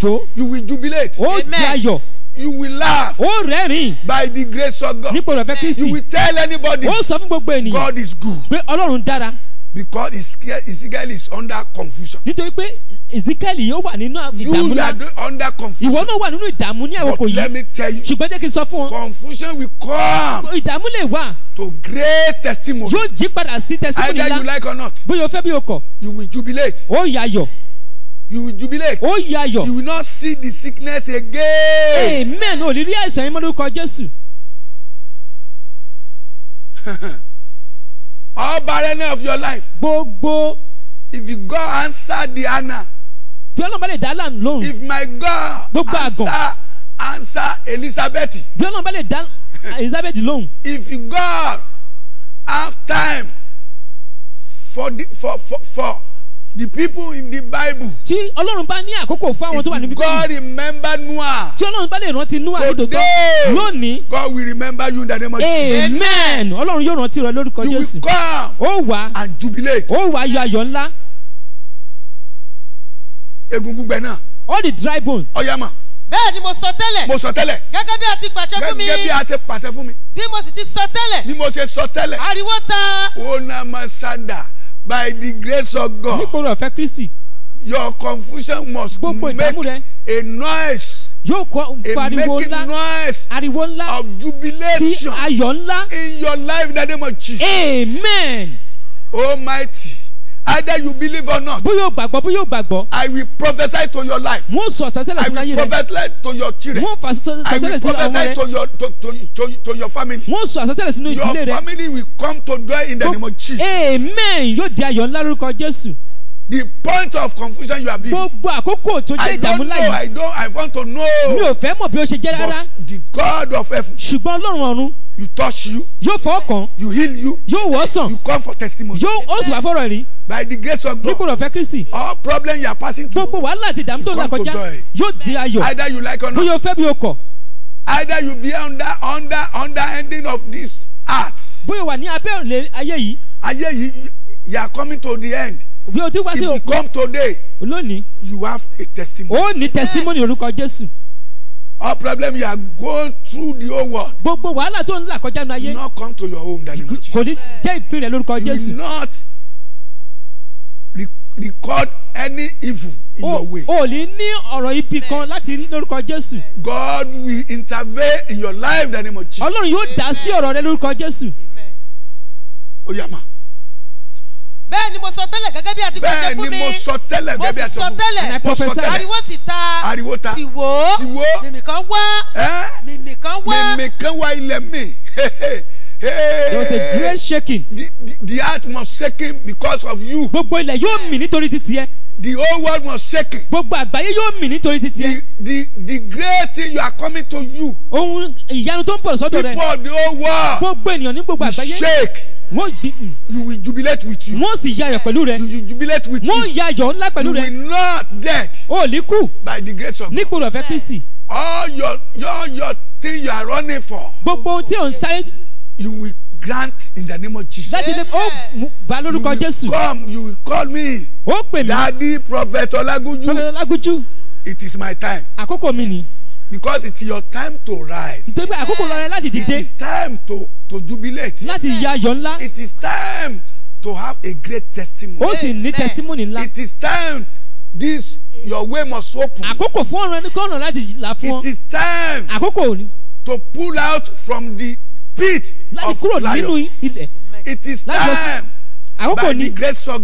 jó. you will jubilate. ó jayọ̀ you will laugh. ó rẹ́rìn. by the grace of God. nípò rẹ̀ fẹ́ Kristi. you will tell anybody. ó sọ fún gbogbo ènìyàn. God is good. pé Ọlọ́run dára. because Ezekiel is under confusion. nítorí pé Ezekiel yóò wà nínú ìdààmú náà. you are under confusion. ìwọ náà wà nínú ìdààmú ní àkókò yìí. but let me tell you. ṣùgbọ́n jẹ́ kí n sọ fún ọ. confusion will come. ìdààmú lè wà. to great testimony. yóò jí padà sí testimony ńlá. either you like or not. bóyá o fẹ́ bí o kọ̀. you will jubilate. ó yà yọ̀ you will jubilate. ó yà yọ. you will not see the sickness again. amen ò ní rí àìsàn yín mọ́ lórúkọ jésù. all barrenness of your life. gbogbo. if you go answer the Anna. bí ọlọ́mọ lè dá lánàá lóhùn. if my God. gbogbo answer answer Elizabeth. bí ọlọ́mọ lè dá Elizabeth lóhùn. if you God have time for the for for for the people in the bible. tí ọlọ́run bá ní àkókò fún àwọn tó wà ní bíbélì. if God remember Noah. tí ọlọ́run bá lè rántí Noah nítòótọ́. today lónìí. God will remember you in the name of Jesus. amen ọlọ́run yóò rántí rẹ lórúkọ Jésù. you will come. ó wá and jubilate. ó wá yọ ayọ̀ ńlá. egungun gbẹ náà. all the dry bone. ọ̀yàmà. Oh, bẹ́ẹ̀ ni mo sọ tẹ́lẹ̀. mo sọ tẹ́lẹ̀. gẹ́gẹ́ bí a ti pàṣẹ fún mi. gẹ́gẹ́ bí a ti pàṣẹ fún mi. bí mo sì ti sọ tẹ́lẹ̀. bí mo ṣe sọ tẹ́lẹ̀. ariwo ta. ó na by the grace of God. nípòrò ọ̀fẹ́ kristi. your confusion must Bobo make a noise. yóò kọ ariwo ńlá ariwo ńlá of jubilation ti ayọ̀ ńlá in your life in the name of Jesus. amen. almighty either you believe or not. bóyá o gbàgbọ́ bóyá o gbàgbọ́. I will prophesy to your life. mo sọ sọsẹ́lẹ̀ sí rẹ. I will prophesy to your children. mo fà sọsẹ́lẹ̀ sí rẹ. I will prophesy to your to to to, to your family. mo sọ àsọtẹ́lẹ̀ sínú ìdílé rẹ. your family will come to joy in the name of Jesus. amen yóò di ayọ̀ ńlá lórúkọ Jésù the point of confusion you are being. gbogbo àkókò tó jẹ́ ìdààmú láyé. I don't know I don't I want to know. mi ò fẹ́ mọ̀ bí ó ṣe jẹ́ rárá. but the God of heaven. ṣùgbọ́n Ọlọ́run ọ̀run you touch you. yóò fọ́ kàn. you heal you. yóò wọ́ sàn. you come for testimony. yóò ó sì wá rí. by the grace of God. nípò ọ̀fẹ́ kristi. all problem you are passing through. gbogbo wàhálà àti ìdààmú tó ń là kọjá yóò di ayọ̀. either you like or not. bóyá o fẹ́ bí o kọ̀. either you be under under under ending of this act. bóyá wà ní abẹ́ òlé ayé yìí. ayé yìí you are coming to the end. bí o ti wá sí òkú. if you come today. lónìí. you have a testimony. ó ní testimony orúkọ jésù all problem you are going through the whole world. gbogbo wàhálà tó ń là kọjá náà yé. not come to your home that much. kò ní jẹ́ ìpín rẹ̀ lórúkọ jésù. not record any evil in o, your way. o ní ní ọ̀rọ̀ ibi kan láti rí lórúkọ jésù. God will intervene in your life that name of Jesus. ọlọ́run yóò dá sí ọ̀rọ̀ rẹ lórúkọ jésù. ó yá mà bẹ́ẹ̀ ni mo sọ tẹ́lẹ̀ gẹ́gẹ́ bí a ti gbọ́dọ̀ fún mi bẹ́ẹ̀ ni mo sọ tẹ́lẹ̀ gẹ́gẹ́ bí a ti sọ tẹ́lẹ̀ mo sọ tẹ́lẹ̀ ariwo ti ta ariwo ta tiwo tiwo mìmì kan wá mìmì kan wá mìmì kan wá ilẹ̀ mi. Hey, there was a great shaking. The, the, the earth was shaking because of you. Gbogbo ilẹ̀ yóò mì nítorí títí ẹ the whole world was shaking. gbogbo àgbáyé yóò mì nítorí títí. the the the great thing you are coming to you. ohun ìyanu tó ń bọ̀ sọ́dọ̀ rẹ. people the whole world. gbogbo ènìyàn ní gbogbo àgbáyé. shake. wọ́n gbi. Mm. you will jubilate with you. wọ́n sì yayọ̀ pẹ̀lú rẹ. you will jubilate with you. wọ́n yayọ̀ ńlá pẹ̀lú rẹ. you will not dead. o lè kú. by the grace of God. nípò rẹ̀ fẹ́ kristi. all your your your thing you are running for. gbogbo ohun tí ò ń sáré. you will grant in the name of Jesus. láti lè ó bá Jésù. you come you call me. ó pè mí. daddy prophet Olagunju. prophet Olagunju. it is my time. àkókò mi ni. because it is your time to rise. nítorí àkókò lọ rẹ láti dìde. it is time to to jubilate. láti ya ayọ̀ ńlá. it is time to have a great testimony. ó sì ní testimony ńlá. it is time this your way must open. àkókò fún ọ̀rọ̀ ẹni kọ́nà láti là fún ọ. it is time. àkókò ni. to pull out from the pit of lion. it is time àkókò ni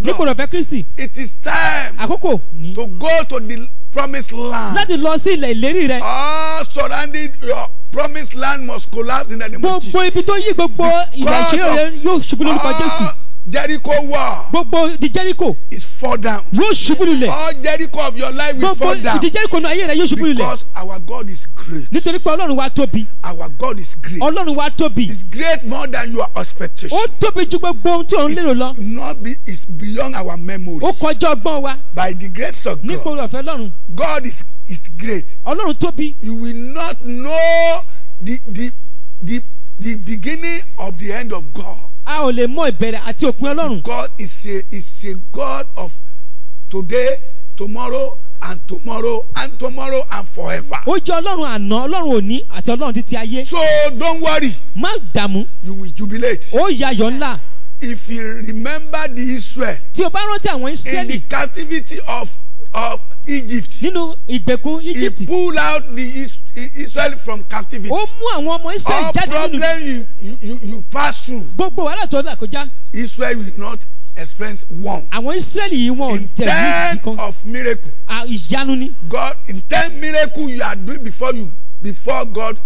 nípòrò ọ̀fẹ́ kristi. it is time. àkókò ni. to go to the promised land. láti lọ sí ilẹ̀ ìlérí rẹ. all surrounding your uh, promised land must collapse in the name of Jesus. gbogbo ibi tó yí gbogbo ìdàjẹ́ rẹ yóò ṣubú lórúkọ jésù. Jericho wall. gbogbo di Jericho. is fall down. yóò ṣubú lulẹ̀. all Jericho of your life will fall down. gbogbo di Jericho náà ayé rẹ yóò ṣubú lulẹ̀. because our God is great. nítorí pé Ọlọ́run wa tóbi. our God is great. Ọlọ́run wa tóbi. is great more than your expectation. ó tóbi ju gbogbo ohun tí òun lérò lọ. it's not be it's beyond our memory. ó kọjá ọgbọ́n wa. by the grace of God. nípa ọ̀fẹ́ Ọlọ́run. God is is great. Ọlọ́run tóbi. you will not know the the the the beginning of the end of God a ò lè mọ ìbẹ̀rẹ̀ àti òpin ọlọ́run. God is a is a God of today tomorrow and tomorrow and tomorrow and forever. ó jẹ́ ọlọ́run àná ọlọ́run òní àti ọlọ́run títí ayé. so don't worry. má dààmú. you will jubilate. ó yà ayọ̀ ńlá. if you remember the Israel. tí o bá rántí àwọn Israẹli. in the captivity of of Egypt. nínú ìgbèkùn Egypt. he pulled out the Israel. Israel from captivity. Ó mú àwọn ọmọ Israel jáde nínú. All problem you, you you pass through. Gbogbo wàhálà tó là kọjá. Israel will not experience one. Àwọn Israẹli yìí wọn ò tẹ̀lé ìkan. In ten of miracle. Ìyanu ni. God in ten miracle you are doing before you before God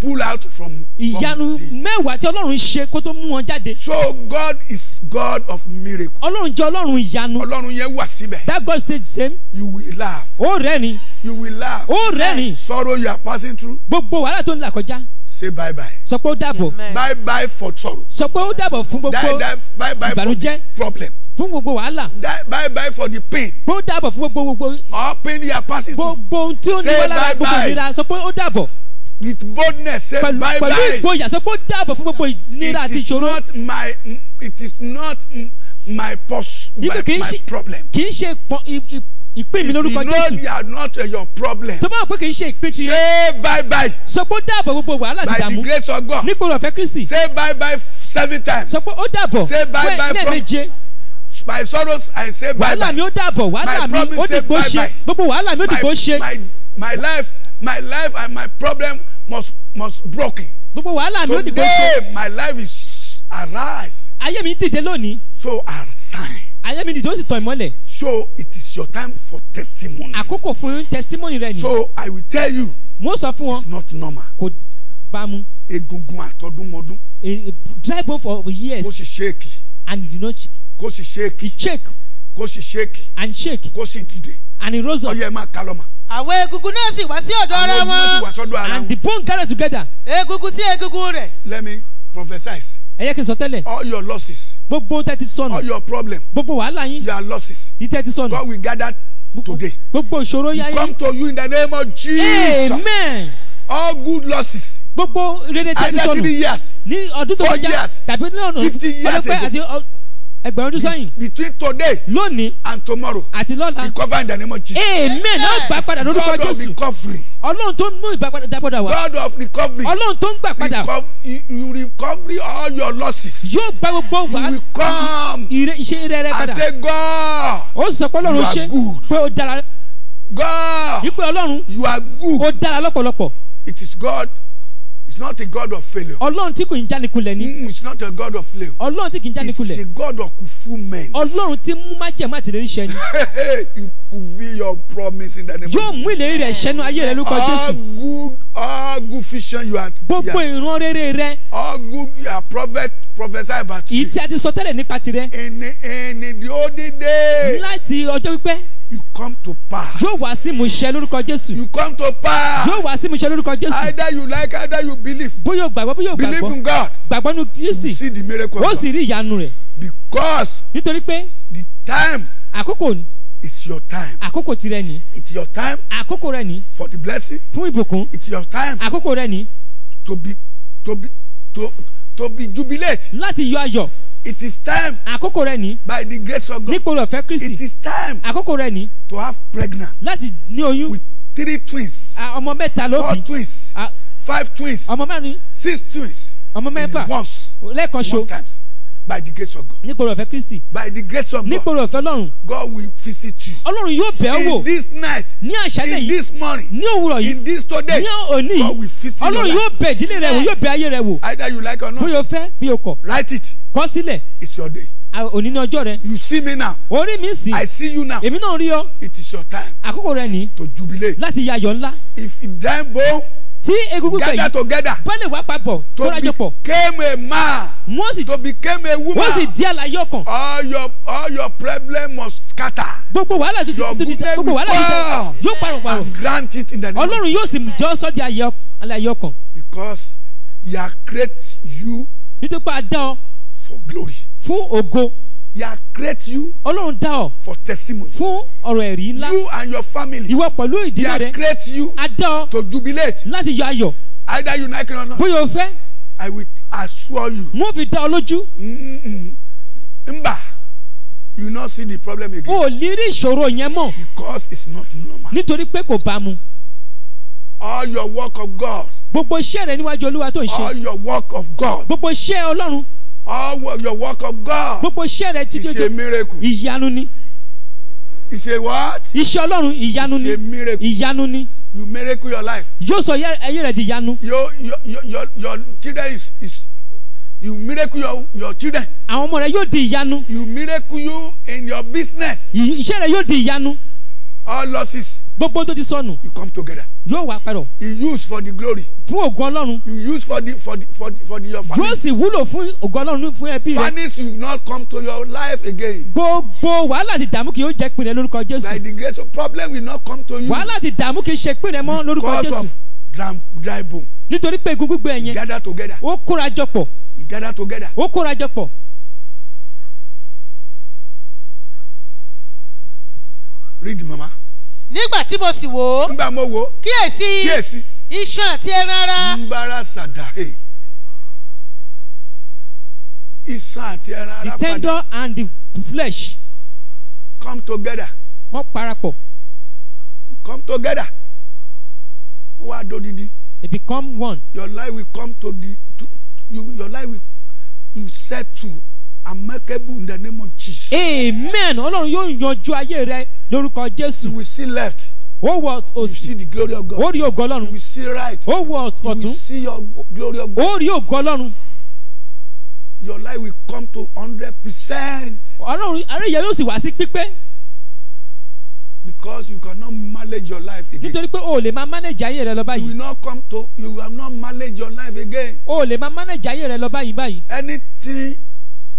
pull out from. ìyanu mẹ́wàá tí ọlọ́run ṣe kó tó mú wọn jáde. so God is God of miracles. ọlọ́run jẹ́ ọlọ́run ìyanu. ọlọ́run yẹn wà síbẹ̀. that God said the same. you will laugh. ó rẹ́ ni. you will laugh. ó rẹ́ ni. sorrow you are passing through. gbogbo wàhálà tó ń là kọjá. say bye bye. sọ pé ó dàbọ̀. bye bye for sorrow. sọ pé ó dàbọ̀ fún gbogbo ìbànújẹ́. problem fún gbogbo wàhálà. bye bye for the pain. bó dàbọ̀ fún gbogbo gbogbo. all pain you are passing through. gbogbo ohun tí ó ní wàhálà gbogbo ìlera sọ pé ó dàbọ̀ with boldness say bye bye. pẹ̀lú ìgboyà sọ pé ó dáàbò fún gbogbo ìnira àti ìṣòro. it is not my it is not my pos my, my problem. kì í ṣe ìpín mi lórúkọ jésù. if you know you are not uh, your problem. tó bá wà pé kì í ṣe ìpín ti. say bye bye. sọ pé ó dáàbò gbogbo wàhálà ti dààmú. by the grace of God. nípò ọ̀fẹ́ kristi. say bye bye seven times. sọ pé ó dàbọ̀. say bye bye from. lẹ́ẹ̀meje my sorrows i say bye bye. wàhálà mi ó dàbọ̀ wàhálà mi ó dìgbò ṣe gbogbo wàhálà mi ó dìgbò ṣe. my my life my life and my problem must must broken. gbogbo wàhálà mi ò dìgbò so. today my life is arise. ayé mi dìde lónìí. so arise. ayé mi dìde ó sì tàn ìmọ́lẹ̀. so it is your time for testimony. àkókò fún testimony rẹ ni. so i will tell you. mo sọ fún wọn. it's not normal. kò bá mu. egungun àtọdúnmọdún. E, e, dry bone for years. kó sì ṣéèkì. and you no know, shake. kó sì ṣéèkì. he shake kó sì ṣéèkì. and shake. kó sì dìde. and he rose up. ọyẹ máa kálọ ma. àwọn egungun náà sì wá sí ọ̀dọ̀ ara wọn. àwọn egungun sì wá sọ́dọ̀ ara wọn. and the bone gather together. egungun sí egungun rẹ̀. let me prophesy. ẹ yẹ kí n sọ tẹ́lẹ̀. all your losses. gbogbo tẹ́tí sọnù. all your problems, gbogbo wàhálà yín. your losses. yìí tẹ́tí sọnù. God will gather today. gbogbo ìṣòro yáyé. come to you in the name of Jesus. amen. all good losses. gbogbo rere tẹ́tí sọnù. either three years. ní ọdún tó kọjá. four years. tàbí ní ọ̀nà fifty years ago ẹgbẹ̀rún ọdún sẹ́yìn. between today. lónìí. and tomorrow. àti lọ́la. recover in the name of Jesus. amen náà gbà padà lórúkọ jésù. God of recovery. ọlọ́run tó mú ìgbà padà wá. God of recovery. ọlọ́run tó ń gbà padà. you recovery, all your losses. yóò gba gbogbo wa. you will come. ire iṣẹ́ rẹ̀ rẹ̀ padà. I say God. ó sọ pé ọlọ́run ṣe pé ó dára. God. yìí pé ọlọ́run. you are good. ó dára lọ́pọ̀lọpọ̀. it is God is not a God of failure. Ọlọ́run tí kò ń jánikulẹ̀ ni. Mm, it's not a God of failure. Ọlọ́run tí kì í jánikulẹ̀. It's a God of fulfilment. Ọlọ́run tí mú májẹ̀mú àtìlérí ṣẹ ni. You fulfil your promise in the name of Jesus. Yóò mú ìlérí rẹ̀ ṣẹ́nu ayé rẹ̀ lórúkọ Jésù. All good all good vision you are. Gbogbo ìran rere rẹ. All good your prophet prophesy about you. ìtí a ti sọ tẹ́lẹ̀ nípa tirẹ̀. ẹni ẹni di ó dídé. láti ọjọ́ pípẹ́. You come to pass. Yóò wá sí ìmúṣẹ lórúkọ Jésù. You come to pass. Yóò wá sí ìmúṣẹ lórúkọ Jésù. Either you like either you believe. Bóyá o gbàgbọ́ bóyá o gbàgbọ́. Believe in God. Gbàgbọ́ nu Kristi. You see the miracle. Ó sì rí ìyanu rẹ̀. Because. Nítorí pé. The time. Àkókò It's your time. Àkókò tirẹ̀ ni. It's your time. Àkókò rẹ ni. For the blessing. Fún ìbùkún. It's your time. Àkókò rẹ ni. To be to be to to be jubilate. láti yọ ayọ̀. it is time. àkókò rẹ ni. by the grace of God. nípò rẹ̀ kristi. it is time. àkókò rẹ ni. to have pregnant. láti ní oyún. with three twins. ọmọ mẹ́ta ló bí. four twins. five twins. ọmọ mẹ́rin. six twins. ọmọ mẹ́fà. once. lẹ́ẹ̀kan ṣo. one times by the grace of God. nípòrò ọ̀fẹ́ kristi. by the grace of God. nípòrò ọ̀fẹ́ lọ́run. God will visit you. ọlọ́run yóò bẹ̀ ẹ́ wò. in this night. ní àṣálẹ̀ yìí. in this morning. ní òwúrọ̀ yìí. in this today. ní òní God will visit you. ọlọ́run yóò bẹ̀ ìdílé rẹ wò yóò bẹ̀ ayé rẹ wò. either you like or not. bóyá o fẹ́ bí o kọ̀. write it. kọ sílẹ̀. it's your day òní ní ọjọ́ rẹ. you see me now. orí mi sì. I see you now. èmi náà rí ọ. it is your time. àkókò rẹ ni. to jubilate. láti yayọ̀ ńlá. if you die bone tí egungun kẹyìn gather together bọ́lẹ̀ wá papọ̀ kórajọpọ̀ to become a man wọ́n to become a woman wọ́n sì di àlàyé ọkàn all your all your problem must scatter gbogbo wàhálà tó ti tó gbogbo wàhálà tó ti yóò parun parun and grant it in the name ọlọ́run yóò sì jọ sọ di àlàyé ọkàn. because he has created you. nítorí pé a dá ọ. for glory. fún ògo. He has created you. Ọlọ́run dá ọ. For testimony. Fún ọ̀rọ̀ ẹ̀rí ńlá. You and your family. Ìwọ pẹ̀lú ìdílé rẹ. Yà create you. A ọ. To jubilate. Láti yọ ayọ̀. Either you like it or not. Bóyá o fẹ́. I will assure you. Mo fi dá ọ lójú. Mm-hmm. Mbà you no see the problem again. O ò lè rí ìṣòro yẹn mọ́. Because it's not normal. Nítorí pé kò bá mu. All your work of God. Gbogbo iṣẹ́ rẹ níwájú Olúwa tó ń ṣe. All your work of God. Gbogbo iṣẹ́ Ọlọ́run all your work of God. gbogbo iṣẹ́ rẹ ti jojo a miracle. ìyanu ni. is a what. iṣẹ́ ọlọ́run ìyanu ni. is a miracle. ìyanu ni. you miracle your life. yóò sọ ayé rẹ di ìyanu. your your your your children is is you miracle your your children. àwọn ọmọ rẹ yóò di ìyanu. you miracle you in your business. iṣẹ́ rẹ yóò di ìyanu all losses. gbogbo tó ti sọnù. you come together. yóò wá pẹ̀rọ. you use for the glory. fún ògùn ọlọ́run. you use for the for the for the for the your family. yóò sì wúlò fún ògùn ọlọ́run fún ẹbí rẹ. families will not come to your life again. gbogbo wàhálà ti dààmú kì yóò jẹ́ pinnu lórúkọ jésù. by the grace of problem will not come to you. wàhálà ti dààmú kì í ṣe pinnu mọ́ lórúkọ jésù. because of dry, dry bone. nítorí pé egungun gbẹ yẹn. gather together. ó kóra jọpọ̀. gather together. ó kóra jọpọ̀. read mama. nígbà tí mo sì wò ó. nígbà mo wò ó. kíyèsí kíyèsí. iṣan àti ẹran ara. ń bára sàdá. iṣan àti ẹran ara padà. the tender and the flesh. come together. wọ́n parapọ̀. come together. wọ́n wá dodidi. they become one. your life will come to the to, you, your life will, will set to amẹ́kẹ́bù in the name of Jesus. amen ọlọ́run yóò yanjú ayé rẹ lórúkọ jésù. you see left. ó wọ òsì. you see the glory of God. ó rí ògo ọlọ́run. you see right. ó wọ ọ̀tún. you see your glory of God. ó rí ògo ọlọ́run. your life will come to hundred percent. ọlọ́run àárẹ̀ ìyá yóò sì wá sí pípé. because you cannot manage your life again. nítorí pé o lè máa manage ayé rẹ lọ báyìí. you will not come to you will not manage your life again. o ò lè máa manage ayé rẹ lọ báyìí báyìí. anything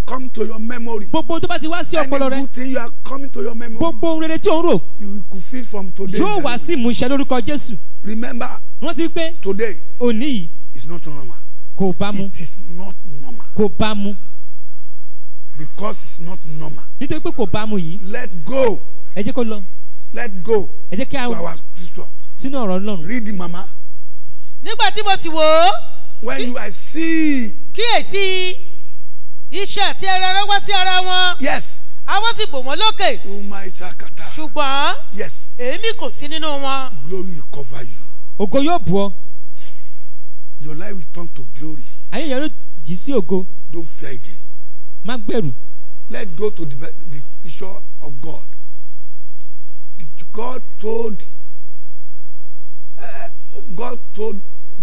come to your memory. gbogbo tó bá ti wá sí ọpọlọ rẹ. any good thing you are coming to your memory. gbogbo ohun rere tí o ń rò. you could feel from today. yóò wá sí ìmúṣẹ lórúkọ Jésù. remember. rántí pé. today. òní yìí. is not normal. kò bá mu. it is not normal. kò bá mu. because it's not normal. nítorí pé kò bá mu yìí. let go. ẹ jẹ́ kó lọ. let go. ẹ jẹ́ kí a. to our Christian. sínú ọ̀rọ̀ Ọlọ́run. read the mama. nígbà tí mo sì wò ó. when you are see. kíyèsí iṣẹ́ àti ẹran rẹ wá sí ara wọn. yes. àwọn sì bò wọ́n lókè. uma oh isa kata. ṣùgbọ́n. yes. èémí kò sí nínú wọn. glory cover you. ògo yóò bù ọ. your life will turn to glory. ayé yẹn ló jì sí ògo. don't fear again. má gbẹ̀rù. let's go to the, the picture of God. The, God told uh, God told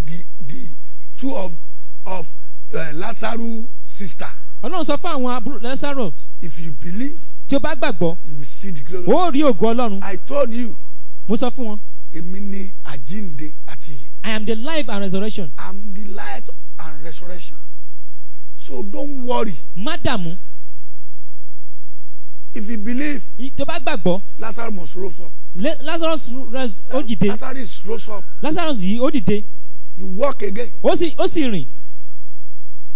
the the two of of uh, Lazarus sister ọlọ́run sọ fún àwọn lazarus. if you believe. tí o bá gbàgbọ́. you will see the glory. o rí ògo ọlọ́run. i told you. mo sọ fún wọn. èmi ni àjínde àti i am the life and resurrection. i am the light and resurrection. so don't worry. má dààmú. if you believe. tó bá gbàgbọ́. lazarus must rose up. lazarus rise ó dìde. lazarus rose up. lazarus yìí ó dìde. you walk again. ó sì ó sì rìn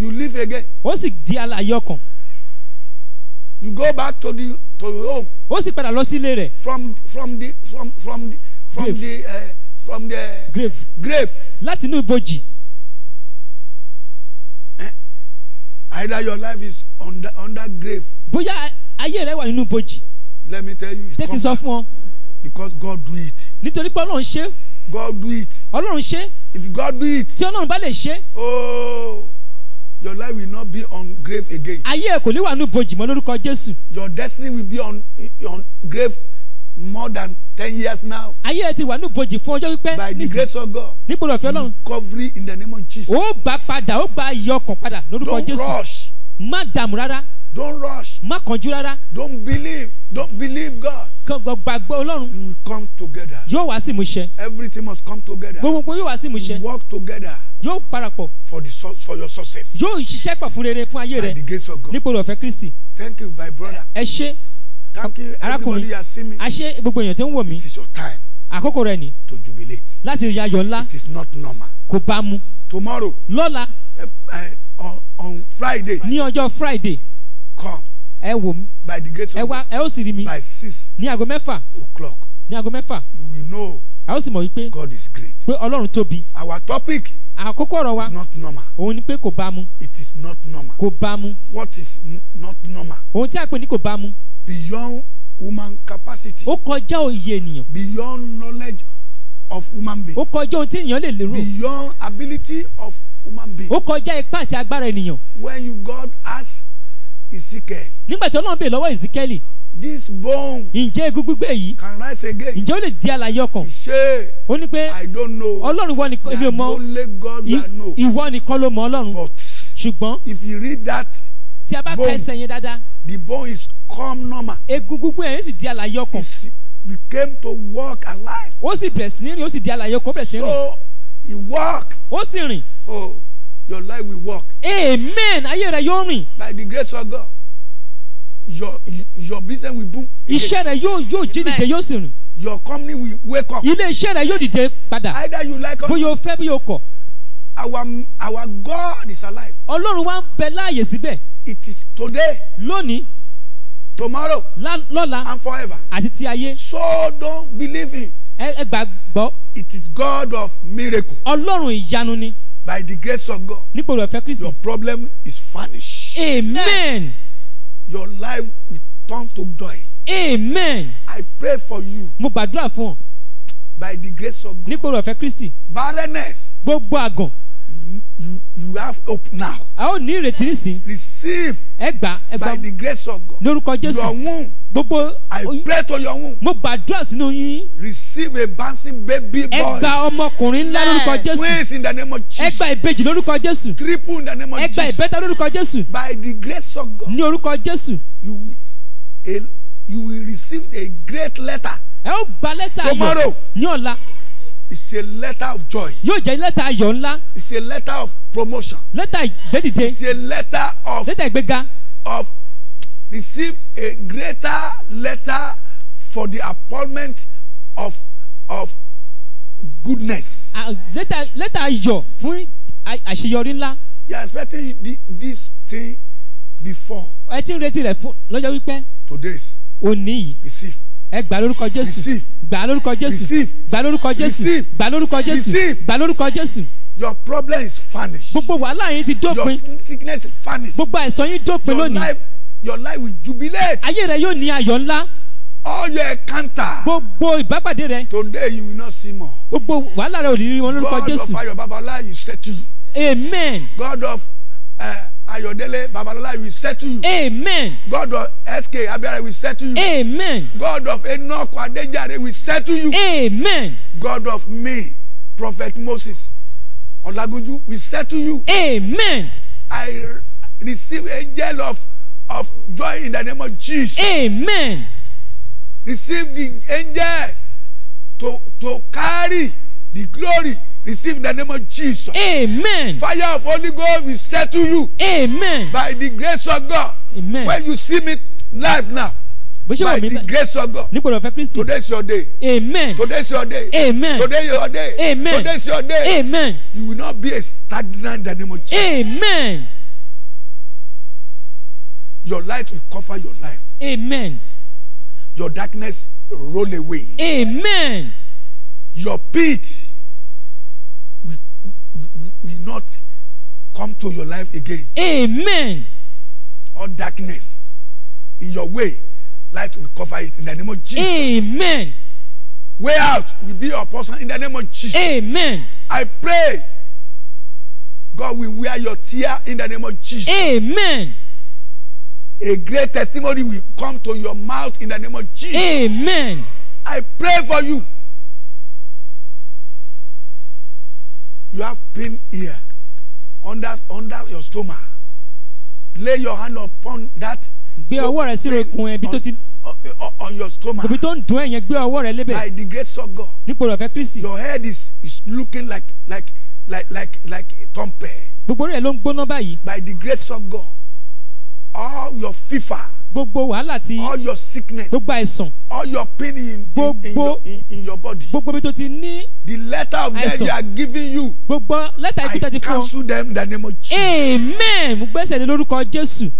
you live again. ó sì di alààyè ọkàn. you go back to the to your home. ó sì padà lọ sí ilé from from the from from the from grave. the uh, from the grave. grave. láti inú ibojì. Eh, either your life is under under grave. bóyá ayé rẹ wà nínú ibojì. let me tell you. Take sọ fún ọ. because God do it. nítorí pé Ọlọ́run ṣe. God do it. Ọlọ́run ṣe. if God do it. tí Ọlọ́run bá lè ṣe. ooo. Oh your life will not be on grave again. ayé ẹ kò lè wà ní bojì mọ́ lórúkọ jésù. your destiny will be on on grave more than ten years now. ayé ẹ ti wà ní bojì fún ọjọ́ pípẹ́ nísìnyí. by the grace of God. nípòrò ọ̀fẹ́ ọlọ́run. recovery in the name of Jesus. ó gbà padà ó gbà ayé ọkàn padà lórúkọ jésù. don't rush. má dààmú rárá. don't rush. má kánjú rárá. don't believe don't believe God. gbogbo gbàgbọ́ ọlọ́run. you will come together. yóò wá sí ìmúṣẹ. everything must come together. gbogbo yóò wá sí ìmúṣẹ. work together yóò parapọ̀. for the for your success. yóò ṣiṣẹ́ pà fún rere fún ayé rẹ. by the grace of God. nípò ọ̀fẹ́ Kristi. thank you my brother. ẹ ṣé. thank you everybody you are me. a ṣé gbogbo èèyàn tó ń wò mí. it is your time. àkókò rẹ ni. to jubilate. láti rí ayọ̀ ńlá. it is not normal. kò bá mu. tomorrow. lọ́la. Uh, uh, on, on Friday. ní ọjọ́ Friday. come. ẹ wò mí. by the grace of God. ẹ wá ẹ ó sì rí mi. by six. ní aago mẹ́fà. o'clock. ní aago mẹ́fà. you will know. a ó sì mọ̀ wípé. God is great. pé Ọlọ́run tóbi. our topic àkókò ọ̀rọ̀ wa òun ni pé kò bá mu kò bá mu ohun tí a pè ní kò bá mu woman capacity. ó kọjá òye ènìyàn. beyond knowledge of human being. ó kọjá ohun tí ènìyàn lè lérò. beyond ability of human being. ó kọjá ipá àti agbára ènìyàn. when you God ask Ezekiel. nígbà tí Ọlọ́run bèè lọ́wọ́ Ezekiel this bone. ǹjẹ́ egun gbígbé yìí. can rise again. ǹjẹ́ ó lè di alààyè ọkàn. ṣé ó ní pé I don't know. ọlọ́run ìwọ nìkan èmi ò mọ ìwọ nìkan ló mọ ọlọ́run. but ṣùgbọ́n. if you read that bone tí a bá ka ẹsẹ̀ yẹn dáadáa. the bone is come normal. egun gbígbé yẹn sì di alààyè ọkàn. he came to walk alive. ó sì bẹ̀rẹ̀ sí ní rìn ó sì di alààyè ọkàn ó bẹ̀rẹ̀ sí ní rìn. so he walk. ó sì rìn. oh your life will walk. amen ayé rẹ yóò rìn. by the grace of God your your business will boom. iṣẹ́ rẹ yóò yóò jí dìde yóò sì rìn. your company will wake up. ilé iṣẹ́ rẹ yóò dìde padà. either you like or not. bóyá o fẹ́ bóyá o kọ̀. our our God is alive. ọlọ́run wa ń bẹ láàyè síbẹ̀. it is today. lónìí. tomorrow. lọ́la. and forever. àti ti ayé. so don't believe in. ẹ ẹ gbàgbọ́. it is God of miracle. ọlọ́run ìyanu ni. by the grace of God. nípò rẹ̀ fẹ́ kristi. your problem is vanished. amen. Yeah your life will turn to joy. amen. I pray for you. mo gbàdúrà fún ọ. by the grace of God. nípòrò ọ̀fẹ́ Kristi. barrenness. gbogbo àgàn you you have hope now. a ó ní ìrètí nísìn. receive. ẹ gbà ẹ gbà by the grace of God. lórúkọ Jésù. your womb. gbogbo. I pray to your womb. mo gbàdúrà sínú yín. receive a bouncing baby boy. ẹ gba ọmọkùnrin ńlá lórúkọ Jésù. twins in the name of Jesus. ẹ gba ìbejì lórúkọ Jésù. triple in the name of Jesus. ẹ gba ìbẹ́ta lórúkọ Jésù. by the grace of God. ní orúkọ Jésù. you will a you will receive a great letter. ẹ ó gba lẹ́tà ayọ̀ tomorrow ní ọ̀la. It's a letter of joy. Yóò jẹ́ lẹ́tà ayọ̀ ńlá. It's a letter of promotion. Lẹ́tà ìgbédìde. It's a letter of. letter ìgbéga. Of receive a greater letter for the appointment of of goodness. Lẹ́tà lẹ́tà ayọ̀ fún àṣeyọrí ńlá. You are expecting this thing before. Ẹ ti ń retí rẹ̀ fún lọ́jọ́ wípé. Today's. Òní yìí. Receive ẹ gbà lórúkọ jésù gbà lórúkọ jésù gbà lórúkọ jésù gbà lórúkọ jésù gbà lórúkọ jésù. Your problem is vanished. Gbogbo wàhálà yín ti dópin. Your sickness is vanished. Gbogbo àìsàn yín dópin lónìí. Your life your life will jubilate. Ayé rẹ yóò ní ayọ̀ ńlá. All your encounter. Gbogbo ìbápàdé rẹ. Today you will not see more. Gbogbo wàhálà rẹ ò ní rí wọn lórúkọ Jésù. God of Ayọ̀ Babalá you set you. Amen. God of. Uh, Ayọ̀délé Babalọ́lá will settle you. Amen. God of SK Abiola will settle you. Amen. God of Enoch Adéjàre will settle you. Amen. God of me Prophet Moses Ọlágúnjú will settle you. Amen. I receive angel of of joy in the name of Jesus. Amen. Receive the angel to to carry the glory Receive the name of Jesus. Amen. Fire of Holy Ghost will settle you. Amen. By the grace of God. Amen. When you see me live now. by the grace of God nípò ọ̀fẹ́ Kristi today is your day amen today is your day amen today is your day amen today is your day amen you will not be a stagnant in the name of Jesus amen your light will cover your life amen your darkness roll away amen your pit will, will not come to your life again. Amen. All darkness in your way, light will cover it in the name of Jesus. Amen. Way out will be your person in the name of Jesus. Amen. I pray God will wear your tear in the name of Jesus. Amen. A great testimony will come to your mouth in the name of Jesus. Amen. I pray for you You have pain here, under under your stomach. Lay your hand upon that. Gbé ọwọ́ rẹ sí orokun ẹbí tó ti. On your stomach. Òbí tó ń dùn ẹ̀yẹn gbé ọwọ́ rẹ lébẹ̀. By the grace of God. Nípò rẹ̀ fẹ́ Kristi. Your head is is looking like like like like like a Gbogbo rẹ̀ ló ń gbóná báyìí. By the grace of God all your fever. gbogbo wàhálà ti all your sickness. gbogbo àìsàn. all your pain in gbogbo in, in, in, in your body. gbogbo bí ti ní. the letter of death they are giving you. gbogbo lẹ́tà ikú tẹ̀sí fún ọ. I cancel them in the name of Jesus. amen mo gbẹ́sẹ̀ lé lórúkọ Jésù.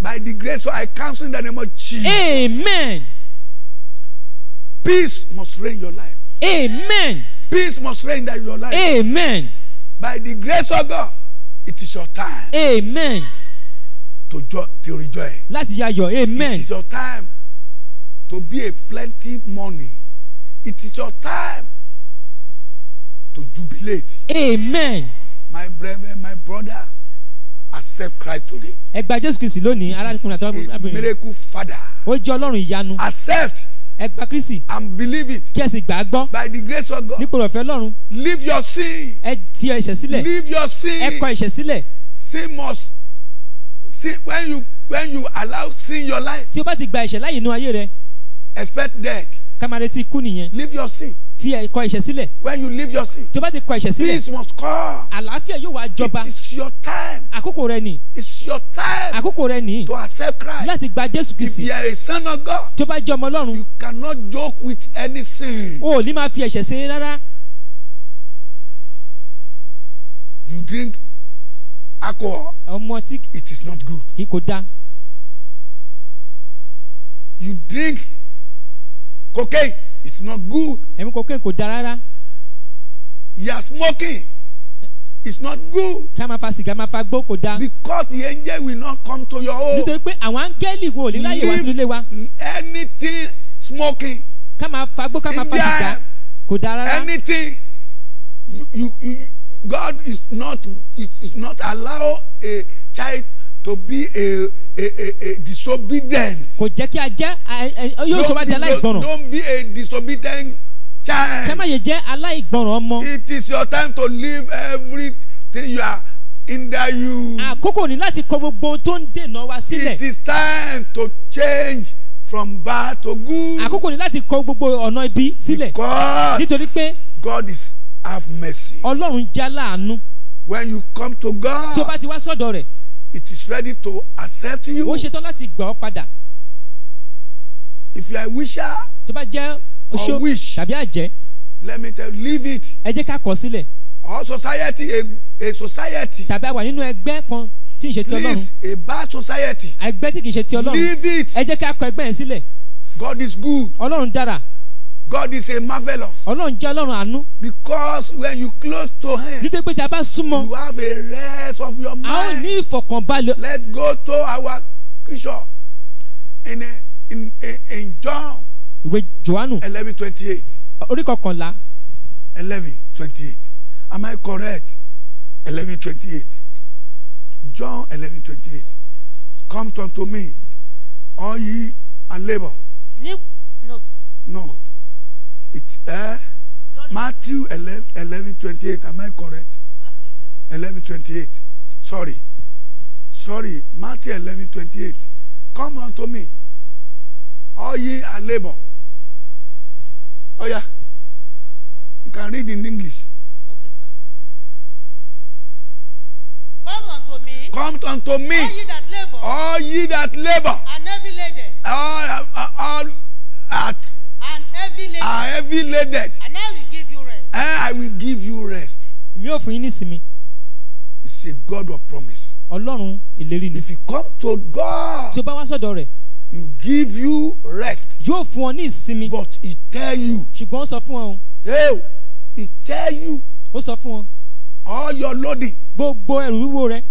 by the grace of I cancel in the name of Jesus. amen. peace must reign your life. amen. peace must reign in your life. amen. by the grace of God it is your time. amen to joy to rejoice. láti yayọ̀ amen. it is your time to be a plenty money it is your time to jubilate. amen. my brother, my brother accept Christ today. ẹ gba Jésù Kristi lónìí arákùnrin àti arábìnrin. it is a miracle father. ó jẹ́ Ọlọ́run ìyanu. accept ẹ gba kristi. and believe it. kí ẹ sì gbà á gbọ́. by the grace of God. nípò ọ̀fẹ́ lọ́run. leave your sin. ẹ fi ẹ̀ṣẹ̀ sílẹ̀. leave your sin. ẹ kọ̀ ẹ̀ṣẹ̀ sílẹ̀. sin must sin when you when you allow sin your life. tí o bá ti gba ẹ̀ṣẹ̀ láàyè inú ayé rẹ. expect death. kàmáre ti kú nìyẹn. leave your sin. fi kọ ẹ̀ṣẹ̀ sílẹ̀. when you leave your sin. tí o bá ti kọ ẹ̀ṣẹ̀ sílẹ̀. peace must come. àlàáfíà yóò wá jọba. it is your time. àkókò rẹ ni. it's your time. àkókò rẹ ni. to accept Christ. láti gba Jésù Kristi. if you are a son of God. tí o bá jẹ́ ọmọ Ọlọ́run. you cannot joke with any sin. o ò ní máa fi ẹ̀ṣẹ̀ ṣe rárá. you drink alcohol. it is not good. you drink cocaine it's not good. ẹ̀mí cocaine kò dá rárá. you are smoking it's not good. ká máa fa sìgá máa fa gbó kò dáa. because the angel will not come to your home. nítorí pé àwọn áńgẹ́lì wo ò láyè wá sínú ilé wa. anything smoking. ká máa fa gbó ká máa fa sìgá kò dáa rárá. anything you you you God is not it is not allow a child to be a a a, a disobedient. kò jẹ́ kí a jẹ́ yóò sọ wá aláìgbọràn. don't be a disobedient child. kẹ́ má jẹ́ aláìgbọràn ọmọ. it is your time to leave everything you are hinder you. àkókò ní láti kọ gbogbo tó ń dènà wa sílẹ̀. it is time to change from bad to good. àkókò ní láti kọ gbogbo ọ̀nà ibi sílẹ̀. because nítorí pé. God is have mercy. ọlọ́run jẹ́ aláàánú. when you come to God. tí o bá ti wá sọ́dọ̀ rẹ̀. it is ready to accept you. ó ṣetán láti gbà padà. if you are a wisher. tó bá jẹ́ oṣó tàbí àjẹ́. let me tell you leave it. ẹ jẹ́ ká kọ̀ sílẹ̀. or society a, a society. tàbí a wà nínú ẹgbẹ́ kan tí kì ṣe ti ọlọ́run. please a bad society. ẹgbẹ́ tí kì í ṣe ti ọlọ́run. leave it. ẹ jẹ́ ká kọ̀ ẹgbẹ́ yẹn sílẹ̀. God is good. ọlọ́run dára. God is a marvelous. Ọlọ́run jẹ́ Ọlọ́run àánú. Because when you close to him. Nítorí pé tí a bá súnmọ́. You have a rest of your mind. A ó ní ìfọ̀kànbalẹ̀. Let go to our scripture in, in, in, in John. Ìwé Jòhánù. eleven twenty eight. Orí kọkànlá. eleven twenty eight. Am I correct? eleven twenty eight. John eleven twenty eight. Come unto me, all ye are labour. No, No. It's uh, Matthew 11, 11 28. Am I correct? 11 28. Sorry. Sorry. Matthew 11 28. Come unto me. All ye are labor. Oh, yeah. You can read in English. Come unto me. Come unto me. All ye that labor. All ye that labor. And heavy laden. All, all, all at heavy laden. are ah, heavy laden. and I will give you rest. Eh, I will give you rest. èmi yóò fún yín nísinmi. it's a God of promise. ọlọ́run ìlérí ni. if you come to God. tí o bá wá sọ́dọ̀ rẹ̀. he will give you rest. yóò fún ọ ní ìsinmi. but he tell you. ṣùgbọ́n ó sọ fún ọ. hey he tell you. ó sọ fún ọ. all your loading. gbogbo ẹrù wíwo rẹ.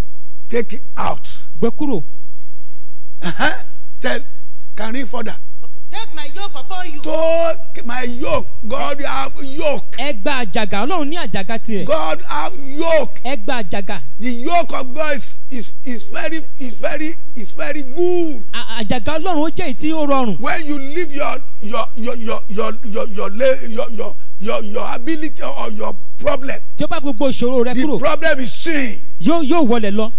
take it out. gbé kúrò. Uh -huh. tell carry further take my yoke upon you. take my yoke God have yoke. ẹ gba àjàgà ọlọ́run ní àjàgà tirẹ̀. God have yoke. ẹ gba àjàgà. the yoke of God is is is very is very is very good. àjàgà ọlọ́run ó jẹ́ èyí tí ó rọrùn. when you leave your your your your your your your your your your ability or your problem. tí o bá gbogbo ìṣòro rẹ kúrò. the problem is sin. yóò yóò wọlé lọ.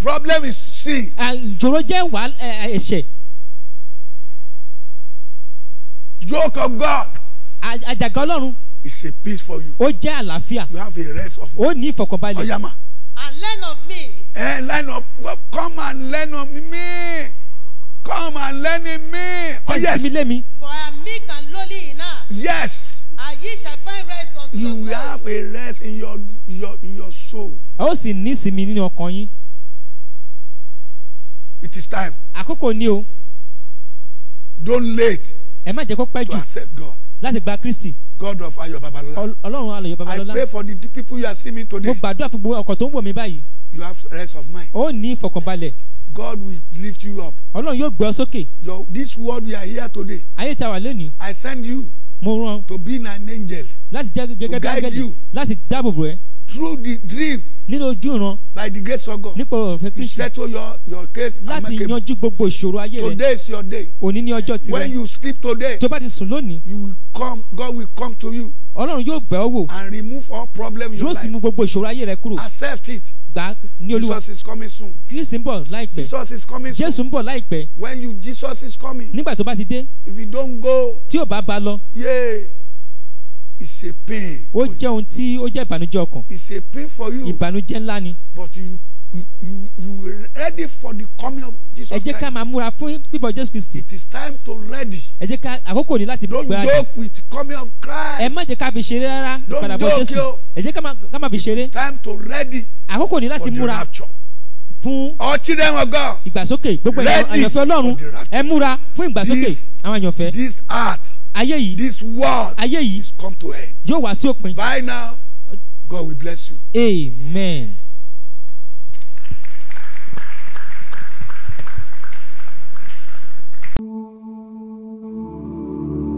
problem is sin. ìṣòro jẹ́ wàhálà ẹ̀ṣẹ̀. Joke of God. àjàgà ọlọ́run. is a peace for you. ó jẹ́ àlàáfíà. you have a rest of mind. ó ní ìfọkànbalẹ̀. ọ̀yàmà. and learn of me. ẹ eh, learn of come and learn of me come and learn of me. oh yes. for I am meek and lowly in heart. yes. and ye shall find rest unto you your soul. you have a rest in your your in your soul. ẹ ó sì ní ìsinmi nínú ọkàn yín. it is time. àkókò ni o. don't late ẹ má jẹ́ kó pẹ́ jù to accept God láti gba Kristi. God of Ayọ̀ Babalọlá. Ọlọ́run Ayọ̀ Babalọlá. I pray for the people you are seeing me today. Mo gbàdúrà fún gbogbo ọkọ̀ tó ń wò mí báyìí. You have rest of mind. Ó ní ìfọkànbalẹ̀. God will lift you up. Ọlọ́run yóò gbé ọ sókè. Your this world we are here today. Ayé ta wà lónìí. I send you. Mo rán. To be an angel. Láti jẹ́ gẹ́gẹ́ bí angẹ́lì. To guide you. Láti dáàbò bò ẹ́ through the dream. nínú ojú ìran. by the grace of God. nípa ọ̀rọ̀ fẹ́ kristu. you settle your your case. láti yanjú gbogbo ìṣòro ayé rẹ. today is your day. òní ni ọjọ́ tirẹ̀. when you sleep today. tó bá ti sùn lónìí. you will come God will come to you. ọlọ́run yóò bẹ̀ ọ́ wò. and remove all problems in your life. yóò sì mú gbogbo ìṣòro ayé rẹ kúrò. accept it gbà ní olúwa jesus is coming soon christ ń bọ̀ láìpẹ́ jesus is coming soon jésù ń bọ̀ láìpẹ́ when you jesus is coming nígbà tó bá ti dé if you don't go tí ò bá ba lọ yay It's a pain. Ó jẹ́ ohun tí ó jẹ́ ìbànújẹ́ ọkàn. It's a pain for you. Ìbànújẹ́ ńlá ni. But you you you were ready for the coming of Jesus Christ. Ẹ jẹ́ ká máa múra fún bíbọ̀ Jésù Kristi. It is time to ready. Ẹ jẹ́ ká àkókò ní láti gbáradì. Don't joke with coming of Christ. Ẹ má jẹ́ ká fi ṣeré rárá ìpadàbọ̀ Jésù. Don't joke yo. Ẹ jẹ́ ká máa fi ṣeré. It is time to ready. Àkókò ní láti múra fún. ọtí rẹwọn gan. ìgbàsókè gbogbo ẹ̀yàn àyànfẹ́ Ọlọ́run ẹ múra fún ìgbàsókè àwọn àyànfẹ́. this art ayé yìí this world ayé yìí is come to end yóò wá sí òpin by now God will bless you. amen. Thank you.